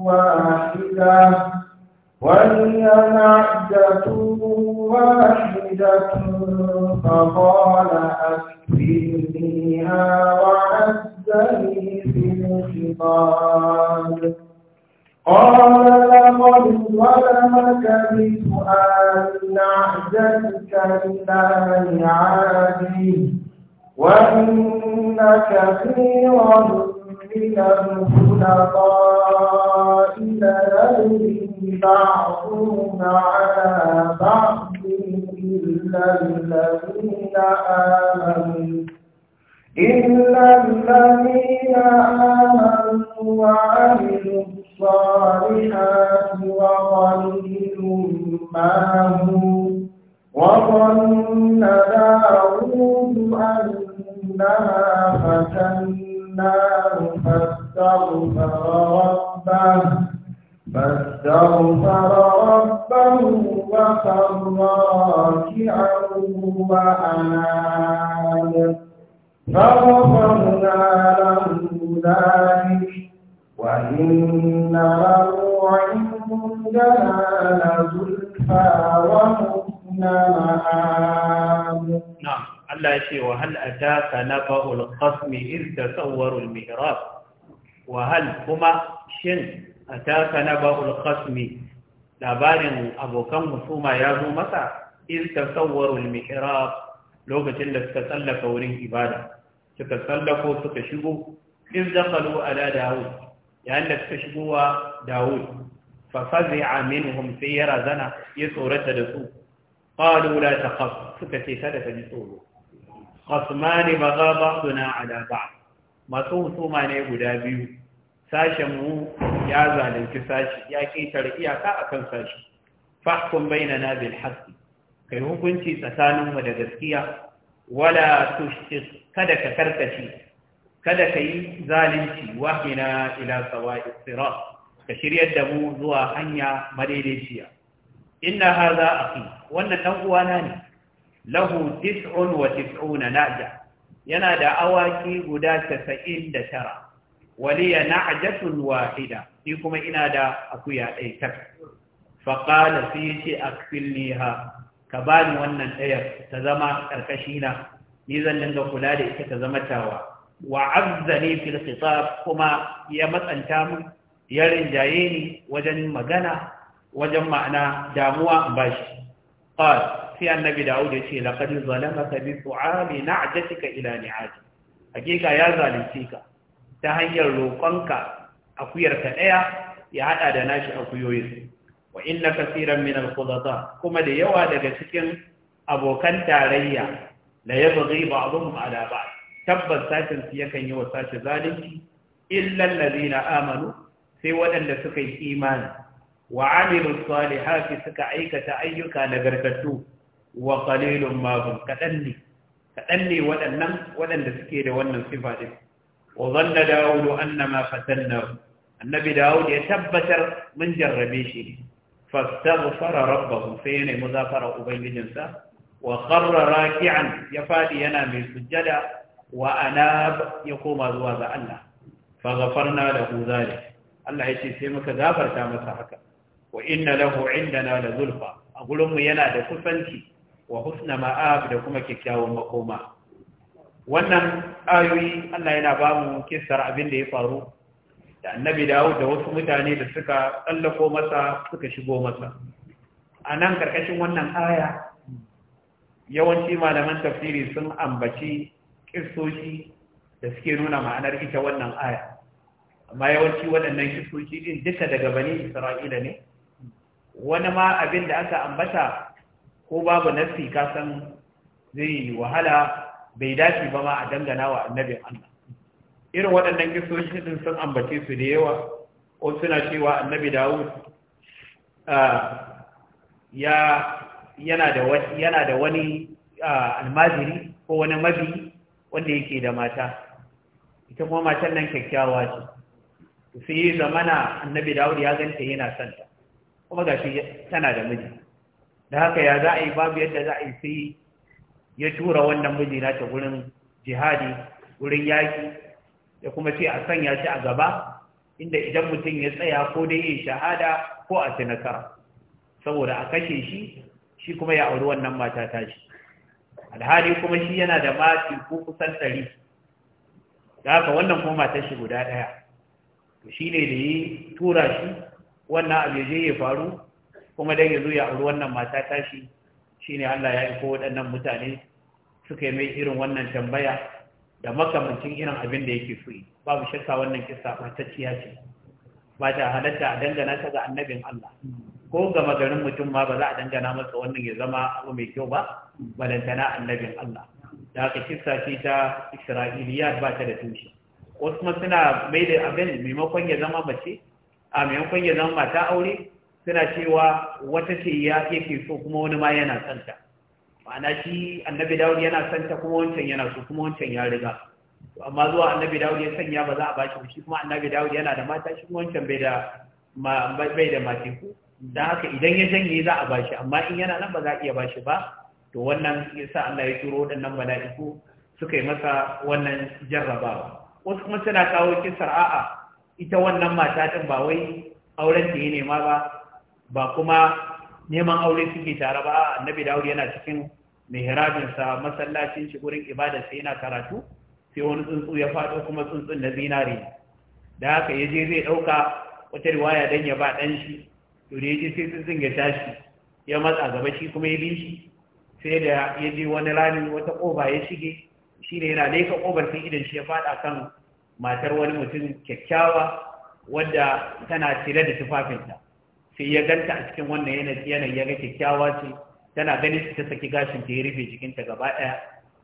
واحدة ولي نعجته واحدة فقال أكفرنيها وعزني في الخطاب قال لقد ظلمك بسؤال نعجتك إلى نعاجي وإن كثيرا من الخلطاء ليلي بعضهم على بعض إلا الذين آمنوا إلا الذين آمنوا وعملوا الصالحات وقليل ما هم وظن داود أنها فتناه فاستغفر ربه فاستغفر ربه وخر راكعا وأناب فغفرنا له ذلك وإن له عندنا لزلفى وحب Allah مآب نعم الله يشي وهل أتاك نبأ القسم إذ تصوروا المهراب وهل هما شن أتاك نبأ القسم labarin abokan musuma ya zo masa in tasawwarul mihrab lokacin da suka tsallaka wurin ibada suka tsallako suka shigo in dakhalu ala Dawud, yayin da suka shigo wa Dawud. fa fazi'a minhum sai ya razana ya tsorata da su qalu la suka ce kada ka ji tsoro khasmani baga ba'duna ala ba'd masu husuma ne guda biyu sashen mu ya zalunci sashi ya ƙetare iyaka akan sashi baina na bil haski. kai hukunci tsakaninmu da gaskiya wala tushtis kada ka karkace kada ka yi zalunci wahina ila sawa'i sirat ka shiryar da mu zuwa hanya madaidaiciya inna hadha aqi wannan dan uwana ne lahu 99 wa na'ja yana da awaki guda 99 waliya na'jatun wahida shi kuma ina da akuya ɗaya ta fa qala fi shi akfilniha ka bani wannan ɗaya ta zama karkashi na ni zan dinga kula da ita ta zama tawa wa azzani fil khitab kuma ya matsanta mun ya rinjaye ni wajen magana wajen ma'ana damuwa in bashi qal sai annabi daud ya ce laqad zalamaka bi su'ali na'jatika ila ni'ati hakika ya zalunce ka ta hanyar roƙonka akuyarka ɗaya ya haɗa da nashi akuyoyin wa inna kasiran min al kuma da yawa daga cikin abokan tarayya la yabghi ba'dhum ala ba'd tabbas sakin su yakan yi wa sashi zalunci illa allazina amanu sai waɗanda suka yi imani wa amilu salihati suka aikata ayyuka nagartattu wa qalilun ma hum kadan ne kadan ne waɗannan waɗanda suke da wannan sifa din wa zanna dawudu annama fatannahu annabi dawud ya tabbatar mun jarrabe shi fastaghfara rabbahu sai ne muzafara ubangijinsa wa kharra raki'an ya fadi yana mai sujjada wa anab ya koma zuwa ga Allah fa ghafarna lahu zalik Allah ya ce sai muka gafarta masa haka wa inna lahu indana la zulfa a mu yana da kusanci wa husna ma'ab da kuma kyakkyawan makoma wannan ayoyi Allah yana ba mu kissar abin da ya faru da annabi Dawud da wasu mutane da suka tsallako masa suka shigo masa a nan karkashin wannan aya yawanci malaman tafsiri sun ambaci kissoshi da suke nuna ma'anar ita wannan aya amma yawanci waɗannan kistoci din duka daga bani Isra'ila ne wani ma abin da aka ambata ko babu nassi ka san zai yi wahala bai dace ba ma a dangana wa annabin Allah irin waɗannan kisoshi din sun ambace su da yawa ko suna cewa annabi Dawud yana da wani yana almajiri ko wani mabi wanda yake da mata ita kuma matan nan kyakkyawa ce sai zamana annabi Dawud ya ganta yana santa kuma gashi tana da miji da haka ya za a yi babu yadda za a yi sai ya tura wannan miji na ta gurin jihadi gurin yaki ya kuma ce a sanya shi a gaba inda idan mutum ya tsaya ko dai yin shahada ko a tinaka saboda a kashe shi shi kuma ya auri wannan mata ta shi alhali kuma shi yana da mati ko kusan ɗari da haka wannan kuma matar shi guda ɗaya to shi ne da ya tura shi wannan abu je ya faru kuma dan ya zo ya auri wannan mata tashi shine Allah ya aiko waɗannan mutane suka yi mai irin wannan tambaya da makamancin irin abin da yake so babu shakka wannan kissa matacciya ce ba ta halatta a dangana ta ga annabin Allah ko ga maganin mutum ma ba za a dangana masa wannan ya zama abu mai kyau ba balantana annabin Allah da haka kissa ce ta Isra'iliya ba ta da tushe wasu suna mai da abin maimakon ya zama mace a maimakon ya zama mata aure suna cewa wata ce ya yake so kuma wani ma yana santa ma'ana shi annabi dawud yana santa kuma wancan yana so kuma wancan ya riga amma zuwa annabi dawud ya sanya ba za a bashi shi kuma annabi dawud yana da mata shi kuma wancan bai da bai da mateku da haka idan ya janye za a bashi amma in yana nan ba za a iya bashi ba to wannan yasa Allah ya turo waɗannan mala'iku suka yi masa wannan jarrabawa wasu kuma suna kawo kisar a'a ita wannan mata din ba wai auren ta ne ma ba ba kuma neman aure suke tare ba annabi Dawud yana cikin mihrabin sa masallacin shi gurin ibada sai yana karatu sai wani tsuntsu ya fado kuma tsuntsun na zinare da haka ya je zai ɗauka wata riwaya dan ya ba ɗan shi to da yaje sai tsuntsun ya tashi ya matsa gaba shi kuma ya bi sai da ya je wani rami wata koba ya shige shi ne yana leka kobar sai idan shi ya fada kan matar wani mutum kyakkyawa wadda tana cire da tufafinta sai ya ganta a cikin wannan yanayi ya ga kyakkyawa ce tana ganin ta saki gashin ta ya rufe jikinta gaba ɗaya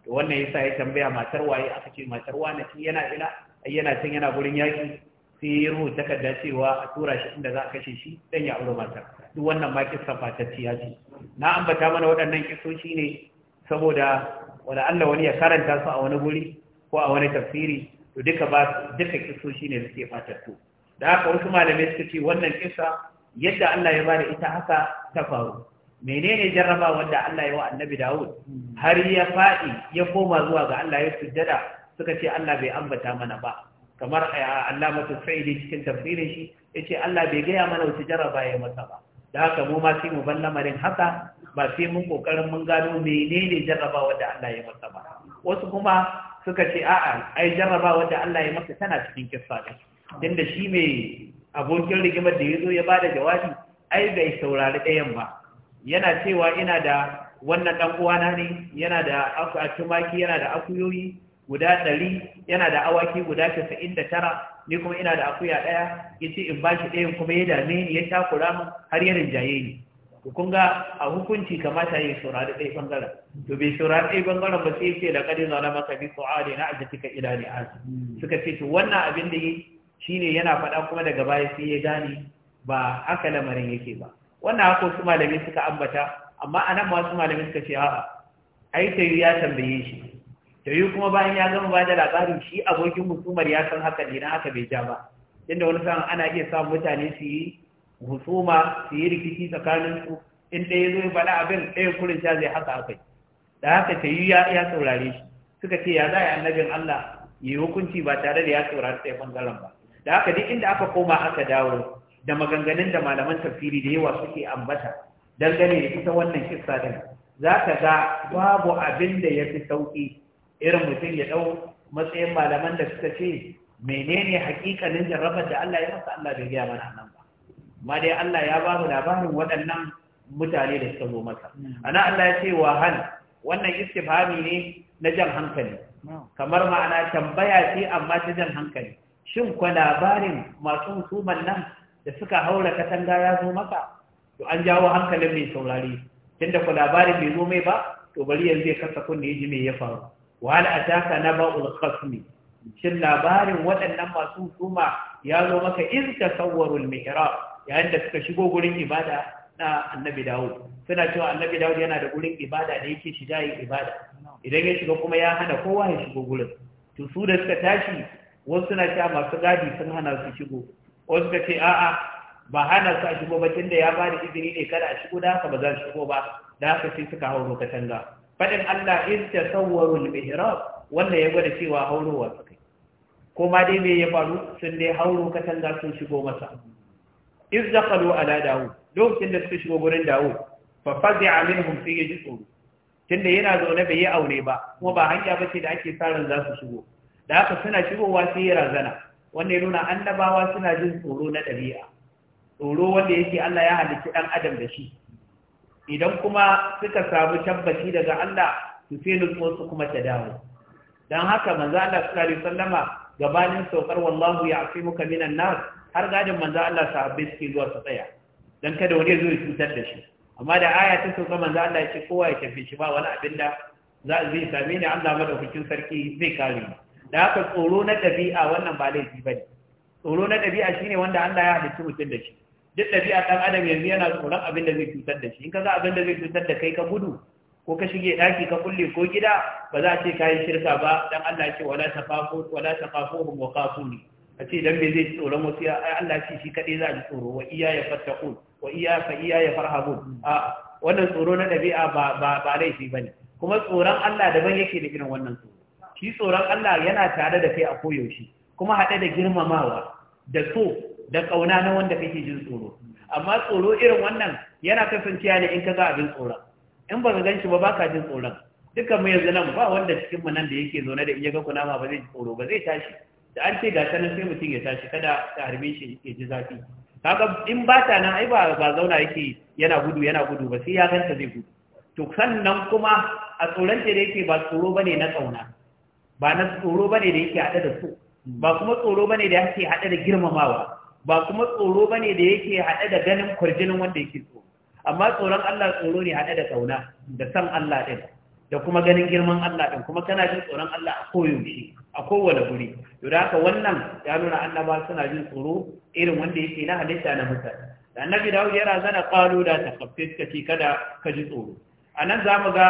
to wannan yasa ya tambaya matar waye aka ce matar wani shi yana ina ai yana can yana gurin yaki sai ya rubuta takarda cewa a tura shi inda za a kashe shi dan ya aure matar duk wannan ma kissa fatacciya ce na ambata mana waɗannan kisoshi ne saboda wala Allah wani ya karanta su a wani guri ko a wani tafsiri to duka ba duka kisoshi ne suke fatattu da haka wasu malamai suka ce wannan kisa yadda Allah ya bada ita haka ta faru menene jarraba wanda Allah ya wa annabi Dawud har ya fadi ya koma zuwa ga Allah ya sujjada suka ce Allah bai ambata mana ba kamar eh, allamatu sa'idi cikin tafsirin shi yace Allah bai gaya mana wace jarraba ya masa ba da haka mu ma sai mu ban lamarin haka ba sai mun kokarin mun gano menene jarraba wanda Allah ya masa ba wasu kuma suka ce a'a ai jarraba wanda Allah ya maka tana cikin kissa din tunda shi mai abokin rigimar da yazo ya bada jawabi ai bai saurari ɗayan ba yana cewa ina da wannan dan uwana ne yana da tumaki yana da akuyoyi guda ɗari yana da awaki guda casa'in da tara ni kuma ina da akuya ɗaya ya ce in bashi ɗayan kuma ya dame ni ya takura min har ya rinjaye ni Ku kun a hukunci kamata ya saurari ɗaya bangaren to bai saurari ɗaya bangaren ba sai ce da kadin zaune maka bi ari na ajatika ila ni'as suka ce to wannan abin da yi shine yana faɗa kuma daga baya sai ya gane ba haka lamarin yake ba wannan haka wasu malamai suka ambata amma a nan wasu malamai suka ce a'a ai tayu ya tambaye shi tayu kuma bayan ya gama ba da labarin shi abokin musumar ya san haka ne na haka bai ja ba inda wani sa'an ana iya sa mutane su yi husuma su yi rikici tsakanin su in ɗaya zo faɗa abin ɗaya kurin sha zai haka akai da haka ta yi ya saurare shi suka ce ya za a yi annabin Allah yi hukunci ba tare da ya saurari ɗaya bangaren ba da haka duk inda aka koma aka dawo da maganganun da malaman tafsiri da yawa suke ambata dangane da ita wannan kissa din za ka ga babu abin da ya fi sauƙi irin mutum ya ɗau matsayin malaman da suka ce menene hakikanin jarrabar da Allah ya masa Allah bai gaya mana nan ba ma dai Allah ya ba mu labarin waɗannan mutane da suka zo masa hmm. ana Allah ya ce wa hal wannan istifhami ne na jan hankali kamar ma'ana tambaya ce amma ta jan hankali shin kwa labarin masu hukuman nan da suka haura katanga ya zo maka to an jawo hankalin mai saurari tunda kwa labarin bai zo mai ba to bari yanzu ya kasa kunne ya ji me ya faru wa hal ataka naba'ul khasmi shin labarin waɗannan masu hukuma ya zo maka in tasawwarul mihrab yayin da suka shigo gurin ibada na annabi dawud suna cewa annabi dawud yana da gurin ibada da yake shiga yin ibada idan ya shiga kuma ya hana kowa ya shigo gurin to su da suka tashi wasu suna cewa masu gadi sun hana su shigo wasu suka ce a'a ba hana su a shigo ba tunda ya ba da izini ne kada a shigo da haka ba za su shigo ba da haka sai suka hauro katanga faɗin Allah in tasawwaru al-mihrab wanda ya gwada cewa haurowa suka ko ma dai me ya faru sun dai hauro katanga sun shigo masa iz dakhalu ala dawo lokacin da suka shigo gurin dawo, fa fazi'a minhum fi ya ji tsoro tunda yana zaune bai yi aure ba kuma ba hanya bace da ake saran za su shigo da haka suna shigowa sai ya razana wanda ya nuna annabawa suna jin tsoro na ɗabi'a tsoro wanda yake Allah ya halicci ɗan adam da shi idan kuma suka samu tabbaci daga Allah su sai nutsuwarsu kuma ta dawo dan haka manzo Allah sallallahu alaihi wasallama gabanin saukar wallahu ya muka minan nas har gadin manzo Allah sahabbai suke zuwa su tsaya dan kada wani zo ya cutar da shi amma da aya ta sauka manzo Allah ya ce kowa ya tafi shi ba wani abin da za zai same ni Allah madaukakin sarki zai kare ni da haka tsoro na ɗabi'a wannan ba laifi bane tsoro na ɗabi'a shine wanda Allah ya halitta mutum da shi duk dabi'a ɗan adam yanzu yana tsoron abin da zai cutar da shi in ka ga abin da zai cutar da kai ka gudu ko ka shige daki ka kulle ko gida ba za a ce kayi shirka ba dan Allah ya ce wala tafafu wala tafafu wa qafuni a ce dan me zai ji tsoron wasu ya ai Allah ce shi kadai za a ji tsoro wa iya ya fattaqun wa iya fa iya ya a wannan tsoro na dabi'a ba ba ba laifi bane kuma tsoron Allah daban yake da irin wannan tsoro shi tsoron Allah yana tare da kai a koyaushe kuma haɗe da girmamawa da so da ƙauna na wanda kake jin tsoro amma tsoro irin wannan yana kasancewa ne in ka ga abin tsoron in ba ka ganci ba ba ka jin tsoron dukkan mu yanzu nan ba wanda cikin mu nan da yake zaune da in ya ga kunama ba zai ji tsoro ba zai tashi da an ce ga ta sai mutum ya tashi kada ta harbe shi ya ji zafi kaga in ba ta nan ai ba zauna yake yana gudu yana gudu ba sai ya ganta zai gudu to sannan kuma a tsoron ta da yake ba tsoro bane na tsauna, ba na tsoro bane da yake hada da su, ba kuma tsoro bane da yake hada da girmamawa ba kuma tsoro bane da yake hada da ganin kurjinin wanda yake tsoro amma tsoron Allah tsoro ne hada da tsauna da san Allah ɗin. da kuma ganin girman Allah din kuma kana jin tsoron Allah a koyaushe a kowane guri to da haka wannan ya nuna annaba suna jin tsoro irin wanda yake na halitta na mutane da annabi Dawud ya razana qalu da takaffi kada ka ji tsoro anan zamu ga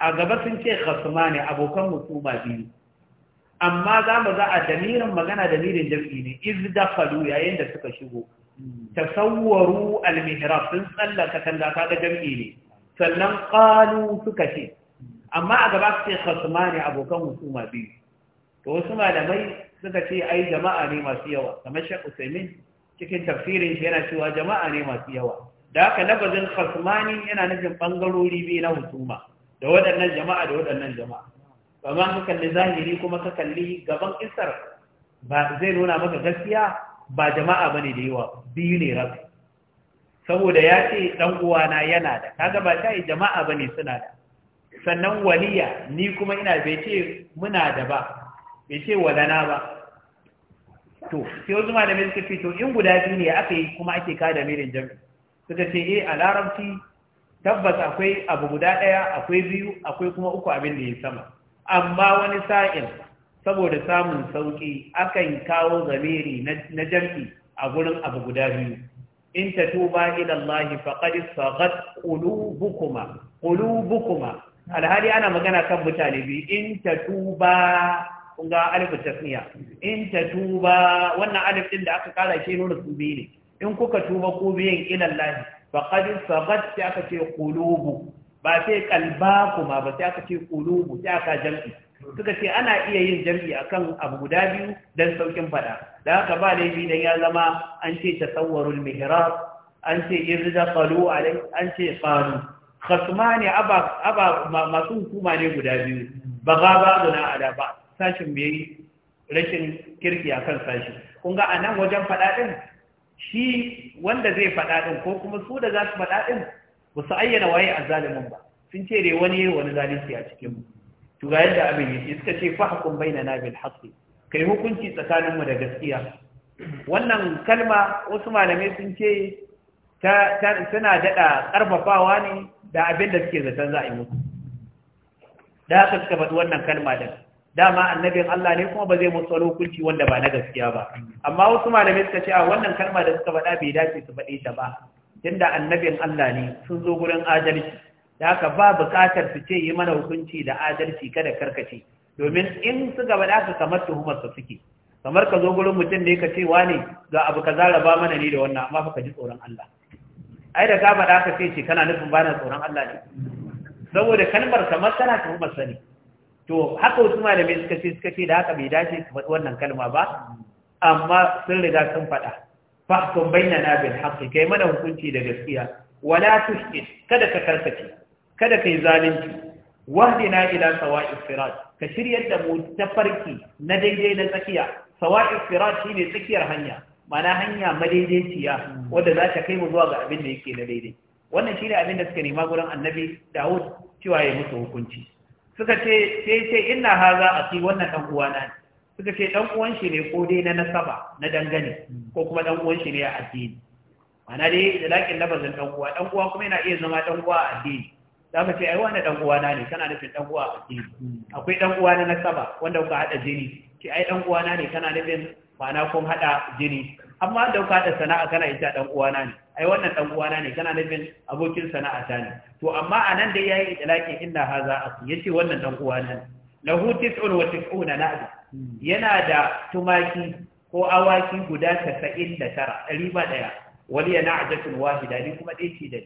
a gaba sun ce khasmani abokan hukuma biyu amma za mu ga a damirin magana dalilin jam'i ne iz dakhalu yayin da suka shigo tasawwaru al-mihrab sun tsallaka ka ga jam'i ne sannan qalu suka ce amma a gaba suke ce ne abokan husuma biyu to wasu malamai suka ce ai jama'a ne masu yawa kamar Sheikh Usaimin cikin tafsirin shi yana cewa jama'a ne masu yawa da haka lafazin ne yana nufin ɓangarori biyu na husuma da waɗannan jama'a da waɗannan jama'a Kamar ka kalli zahiri kuma ka kalli gaban isar ba zai nuna maka gaskiya ba jama'a bane da yawa biyu ne rabu saboda ya ce ɗan'uwana uwana yana da kaga ba ta yi jama'a ba ne suna da sannan waliya ni kuma ina bai ce muna da ba bai ce walana ba to sai wasu malamai suka ce to in guda biyu ne aka yi kuma ake kada mirin jami'i suka ce eh a larabci tabbas akwai abu guda ɗaya akwai biyu akwai kuma uku abin da ya sama amma wani sa'in saboda samun sauƙi akan kawo zamiri na jam'i a gurin abu guda biyu in ta ila Allah faqad saghat qulubukuma qulubukuma alhali ana magana kan mutane biyu in ta kun ga alif tasniya in ta tuba wannan alif din da aka kara shi nuna su biyu ne in kuka tuba ko biyan ila Allah faqad saghat sai aka ce qulubu ba sai kalbakuma kuma ba sai aka ce qulubu sai aka jam'i suka ce ana iya yin jam'i akan abu guda biyu don saukin fada da haka ba laifi don ya zama an ce tasawwarul mihrab an ce irza qalu alai an ce qalu khasmani aba aba masu hukuma ne guda biyu baga ba na ada ba sashin bai rashin kirki akan sashi kun ga anan wajen fada shi wanda zai fada din ko kuma su da za su fada din ba su ayyana waye azzalimin ba sun ce dai wani wani zalunci a cikin mu to ga yadda abin yake suka ce fahkum bainana bil haqqi kai hukunci tsakaninmu da gaskiya wannan kalma wasu malamai sun ce tana daɗa ƙarfafawa ne da abin da suke zaton za a yi musu da haka suka faɗi wannan kalma ɗin dama annabin Allah ne kuma ba zai musu wani hukunci wanda ba na gaskiya ba amma wasu malamai suka ce a wannan kalma da suka faɗa bai dace su faɗe ta ba tunda annabin Allah ne sun zo gurin adalci da haka ba buƙatar su ce yi mana hukunci da adalci kada karkace domin in su gaba da su kamar tuhumar su suke kamar ka zo gurin mutum ne ka ce wane ga abu ka zara ba mana ne da wannan amma fa ka ji tsoron Allah ai da gaba da ka ce shi kana nufin bana tsoron Allah ne saboda kalmar kamar tana tuhumar sa ne to haka wasu malamai suka ce suka ce da haka bai dace ka faɗi wannan kalma ba amma sun riga sun faɗa fahkum bainana bil haqqi kai mana hukunci da gaskiya wala tushkit kada ka karkace kada ka yi zalunci na ila Sawa'i firaj ka shiryar da mu farki na daidai na tsakiya sawa'is shi shine tsakiyar hanya mana hanya madaidaiciya wadda za ta kai mu zuwa ga abin da yake na daidai wannan shine abin da suka nema gurin annabi Dawud cewa ya musu hukunci suka ce sai ce inna haza ci wannan dan uwana ne suka ce dan uwan shi ne ko dai na nasaba na dangane ko kuma dan uwan shi ne a addini mana dai da lakin lafazin dan uwa dan uwa kuma yana iya zama dan uwa a addini za ka ce ai wani dan uwana ne kana nufin dan uwa a cikin akwai dan uwa na saba wanda kuka hada jini ki ai dan uwana ne kana nufin ma'ana kun hada jini amma da kuka hada sana'a kana ita dan uwana ne ai wannan dan uwana ne kana nufin abokin sana'a ta ne to amma anan dai yayi idlaki inna haza as yace wannan dan uwana ne lahu tis'un wa tis'una na'd yana da tumaki ko awaki guda 99 ɗari ba ɗaya. wani yana na'jatun wahida ni kuma ɗaya ce da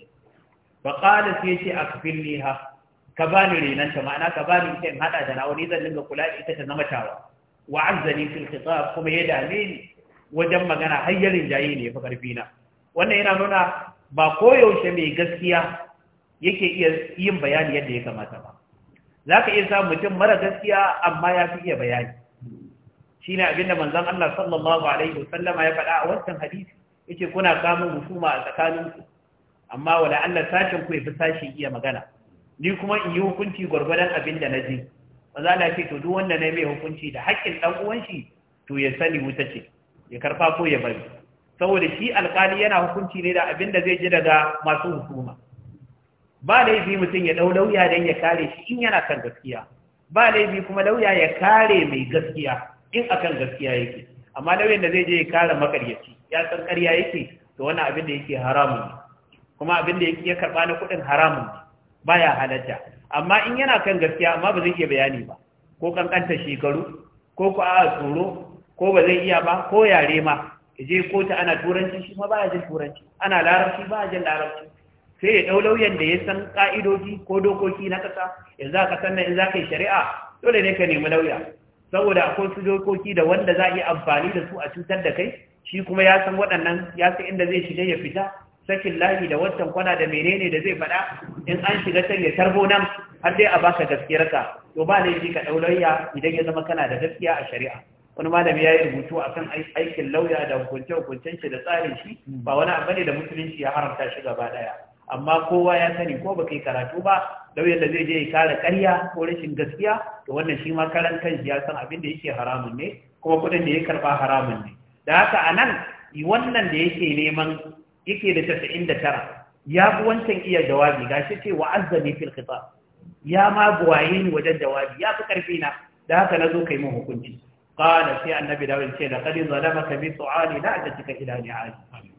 faƙala sai ce a kafin liha ka ba ni renanta ma'ana ka ba ni ita in haɗa da nawa zan dinga kula da ita ta zama tawa wa azzani fil khitab kuma ya dame ni wajen magana har ya rinjaye ne fa karfi na wannan yana nuna ba ko yaushe mai gaskiya yake iya yin bayani yadda ya kamata ba za ka iya samun mutum mara gaskiya amma ya fi iya bayani shi ne abinda manzon Allah sallallahu Alaihi wasallama ya faɗa a wancan hadisi ya kuna kamun husuma a tsakaninku amma wala Allah sashin ku yafi sashi iya magana ni kuma in yi hukunci gwargwadon abin da na ji maza Allah ce to duk wanda na mai hukunci da haƙƙin dan uwan shi to ya sani wuta ce ya karfa ko ya bari saboda shi alƙali yana hukunci ne da abin da zai ji daga masu hukuma ba laifi mutum ya ɗau lauya don ya kare shi in yana kan gaskiya ba laifi kuma lauya ya kare mai gaskiya in akan gaskiya yake amma lauyan da zai je ya kare makaryaci ya san ƙarya yake to wannan abin da yake haramun ne kuma abin da ya karɓa na kuɗin haramun ba ya halatta amma in yana kan gaskiya amma ba zai iya bayani ba ko kankanta shekaru ko ku a tsoro ko ba zai iya ba ko yare ma je kota ana turanci shi ma baya jin turanci ana larabci baya jin larabci sai ya ɗau lauyan da ya san ƙa'idoji ko dokoki na ƙasa yanzu ka san nan in za ka yi shari'a dole ne ka nemi lauya saboda akwai su dokoki da wanda za a yi amfani da su a cutar da kai shi kuma ya san waɗannan ya san inda zai shiga ya fita sakin layi da wancan kwana da menene da zai faɗa in an shiga can ya tarbo nan har dai a baka gaskiyarka to ba laifi ka ɗaurayya idan ya zama kana da gaskiya a shari'a wani malami ya yi rubutu a kan aikin lauya da hukunce-hukuncen shi da tsarin shi ba wani abu ne da musulunci ya haramta shi gaba ɗaya amma kowa ya sani ko baka yi karatu ba lauyan da zai je ya kare ƙarya ko rashin gaskiya to wannan shi ma karan kan ya san abin da yake haramun ne kuma kuɗin da ya karɓa haramun ne da haka a nan wannan da yake neman yake da tara. ya fi wancan iya jawabi gashi ce "wa'azza ne fil khitab ya ma buwaye ni wajen jawabi ya fi karfi na da haka na zo kai mun hukunci qala sai annabi dawud ce da qad zalamaka bi su'ali la ajatika ila ni'ali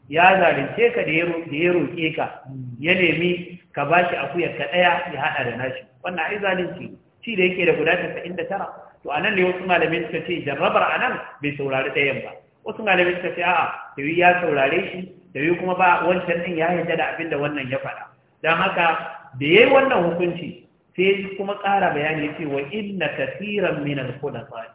ya zalunce ka da ya roƙe ka ya nemi ka bashi akuyar ka ɗaya ya haɗa da nashi wannan ai zalunci Ci da yake da guda da tara. to anan ne wasu malamin suka ce jarrabar anan bai saurari ɗayan ba wasu malamin suka ce a'a sai ya saurare shi da yi kuma ba wancan ɗin ya yarda da abin wannan ya faɗa don haka da ya yi wannan hukunci sai kuma ƙara bayani ce wa inna kasiran minan kuna tsari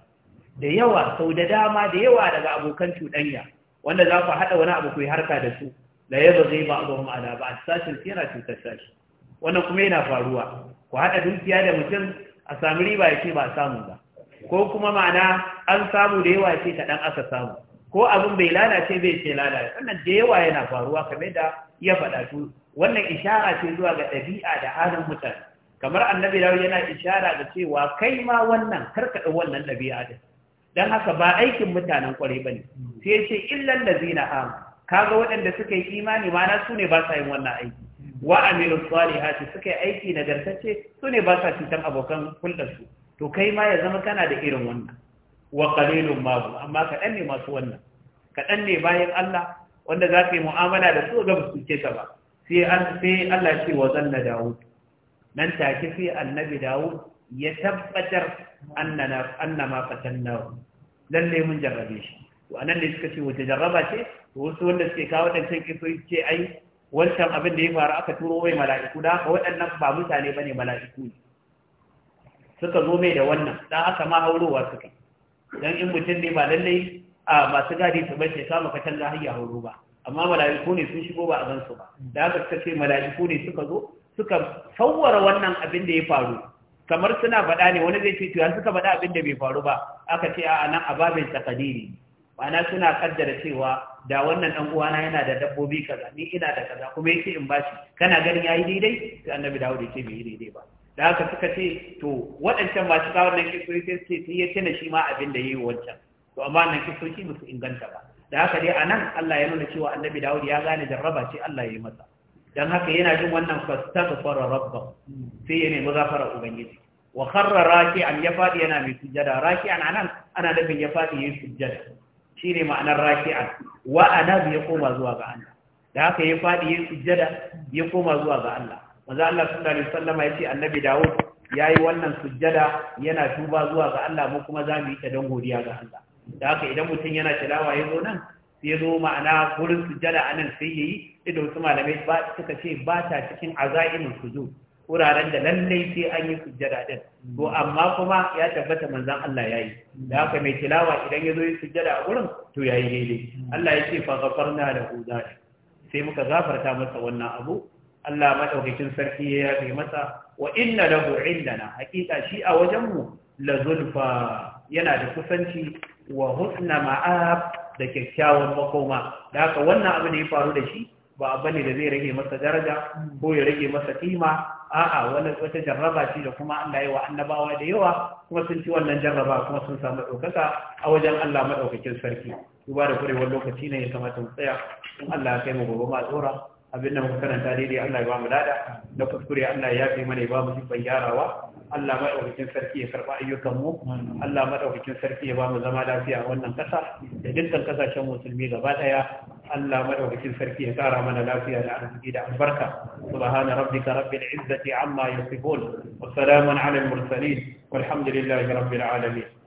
da yawa sau da dama da yawa daga abokan cuɗanya wanda za ku haɗa wani abu ku yi harka da su da ya zai ba abu ma'ana ba a sashin yana cutar sashi wannan kuma yana faruwa ku haɗa dukiya da mutum a sami riba ya ce ba a samu ba ko kuma ma'ana an samu da yawa ya ce kaɗan aka samu ko abin bai lalace bai ce lalace wannan da yawa yana faruwa kamar da ya faɗa su wannan ishara ce zuwa ga ɗabi'a da halin mutane kamar annabi dawo yana ishara da cewa kai ma wannan karkaɗa wannan ɗabi'a din don haka ba aikin mutanen kwarai ba ne sai ce illan da zina am kaga waɗanda suka yi imani mana su ne ba sa yin wannan aiki wa amilu salihati suka yi aiki nagartacce su ne ba sa cutar abokan hulɗarsu to kai ma ya zama kana da irin wannan wa qalilun ma hum amma kaɗan ne masu wannan kaɗan ne bayan Allah wanda za ka yi mu'amala da su ga su ce ka ba sai Allah ce wa zanna Dawud nan ta take sai annabi Dawud ya tabbatar annana annama fatanna lalle mun jarrabe shi to anan ne suka ce wace jarraba ce to wasu wanda suke kawo dancan kisoyi ce ai wancan abin da ya faru aka turo wai mala'iku da haka waɗannan ba mutane bane mala'iku ne suka zo mai da wannan dan aka ma haurowa suka yi dan in mutum ne ba lallai a masu gadi su bace kama katanga har ya hauro ba amma mala'iku ne sun shigo ba a gansu ba da haka suka ce mala'iku ne suka zo suka sawwara wannan abin da ya faru kamar suna faɗa ne wani zai ce to suka faɗa abin da bai faru ba aka ce a nan ababin takadiri ma'ana suna kaddara cewa da wannan dan uwana yana da dabbobi kaza ni ina da kaza kuma yake in bashi kana ganin yayi daidai sai annabi dawo da yake bai yi daidai ba da haka suka ce to waɗancan masu kawo nan kiristoci sai ya tana shi ma abin da ya yi wancan to amma nan kiristoci ba su inganta ba da haka dai a nan Allah ya nuna cewa annabi Dawud ya gane jarraba ce Allah ya yi masa dan haka yana jin wannan fastaghfara rabba sai ya nemi gafara ubangiji wa kharra raki'an ya fadi yana mai sujjada raki'an anan ana nufin ya fadi yin sujjada shine ma'anar raki'an wa anab ya koma zuwa ga Allah da haka ya fadi yin sujjada ya koma zuwa ga Allah manzo Allah sallallahu alaihi sallama ya ce annabi Dawud yayi wannan sujjada yana tuba zuwa ga Allah mu kuma za mu yi ta don godiya ga Allah da haka idan mutum yana tilawa ya zo nan sai ya zo ma'ana gurin sujjada anan sai yayi ido su malamai ba suka ce ba ta cikin azaimin sujud wuraren da lallai sai an yi sujjada din to amma kuma ya tabbata manzon Allah yayi da haka mai tilawa idan ya zo yi sujjada a gurin to yayi daidai Allah ya ce fa da lahu dhalik sai muka gafarta masa wannan abu Allah maɗaukakin sarki ya yabe masa wa inna lahu indana hakika shi a wajen mu la zulfa yana da kusanci wa husna ma'ab da kyakkyawan makoma da haka wannan abu da ya faru da shi ba abu ne da zai rage masa daraja ko ya rage masa kima a'a wani wata jarraba ce da kuma Allah ya wa annabawa da yawa kuma sun ci wannan jarraba kuma sun samu ɗaukaka a wajen Allah maɗaukakin sarki duba da kurewar lokaci ne ya kamata mu tsaya in Allah ya kai mu gobe ma tsora da muka karanta daidai Allah ya ba mu lada da kuskure Allah ya yafe mana ya ba mu sifan gyarawa Allah madaukakin sarki ya karba ayyukan mu Allah madaukakin sarki ya ba mu zama lafiya a wannan kasa da dukkan kasashen musulmi gaba daya Allah madaukakin sarki ya kara mana lafiya da arziki da albarka subhana rabbika rabbil izzati amma yasifun wa salamun ala al mursalin walhamdulillahi rabbil alamin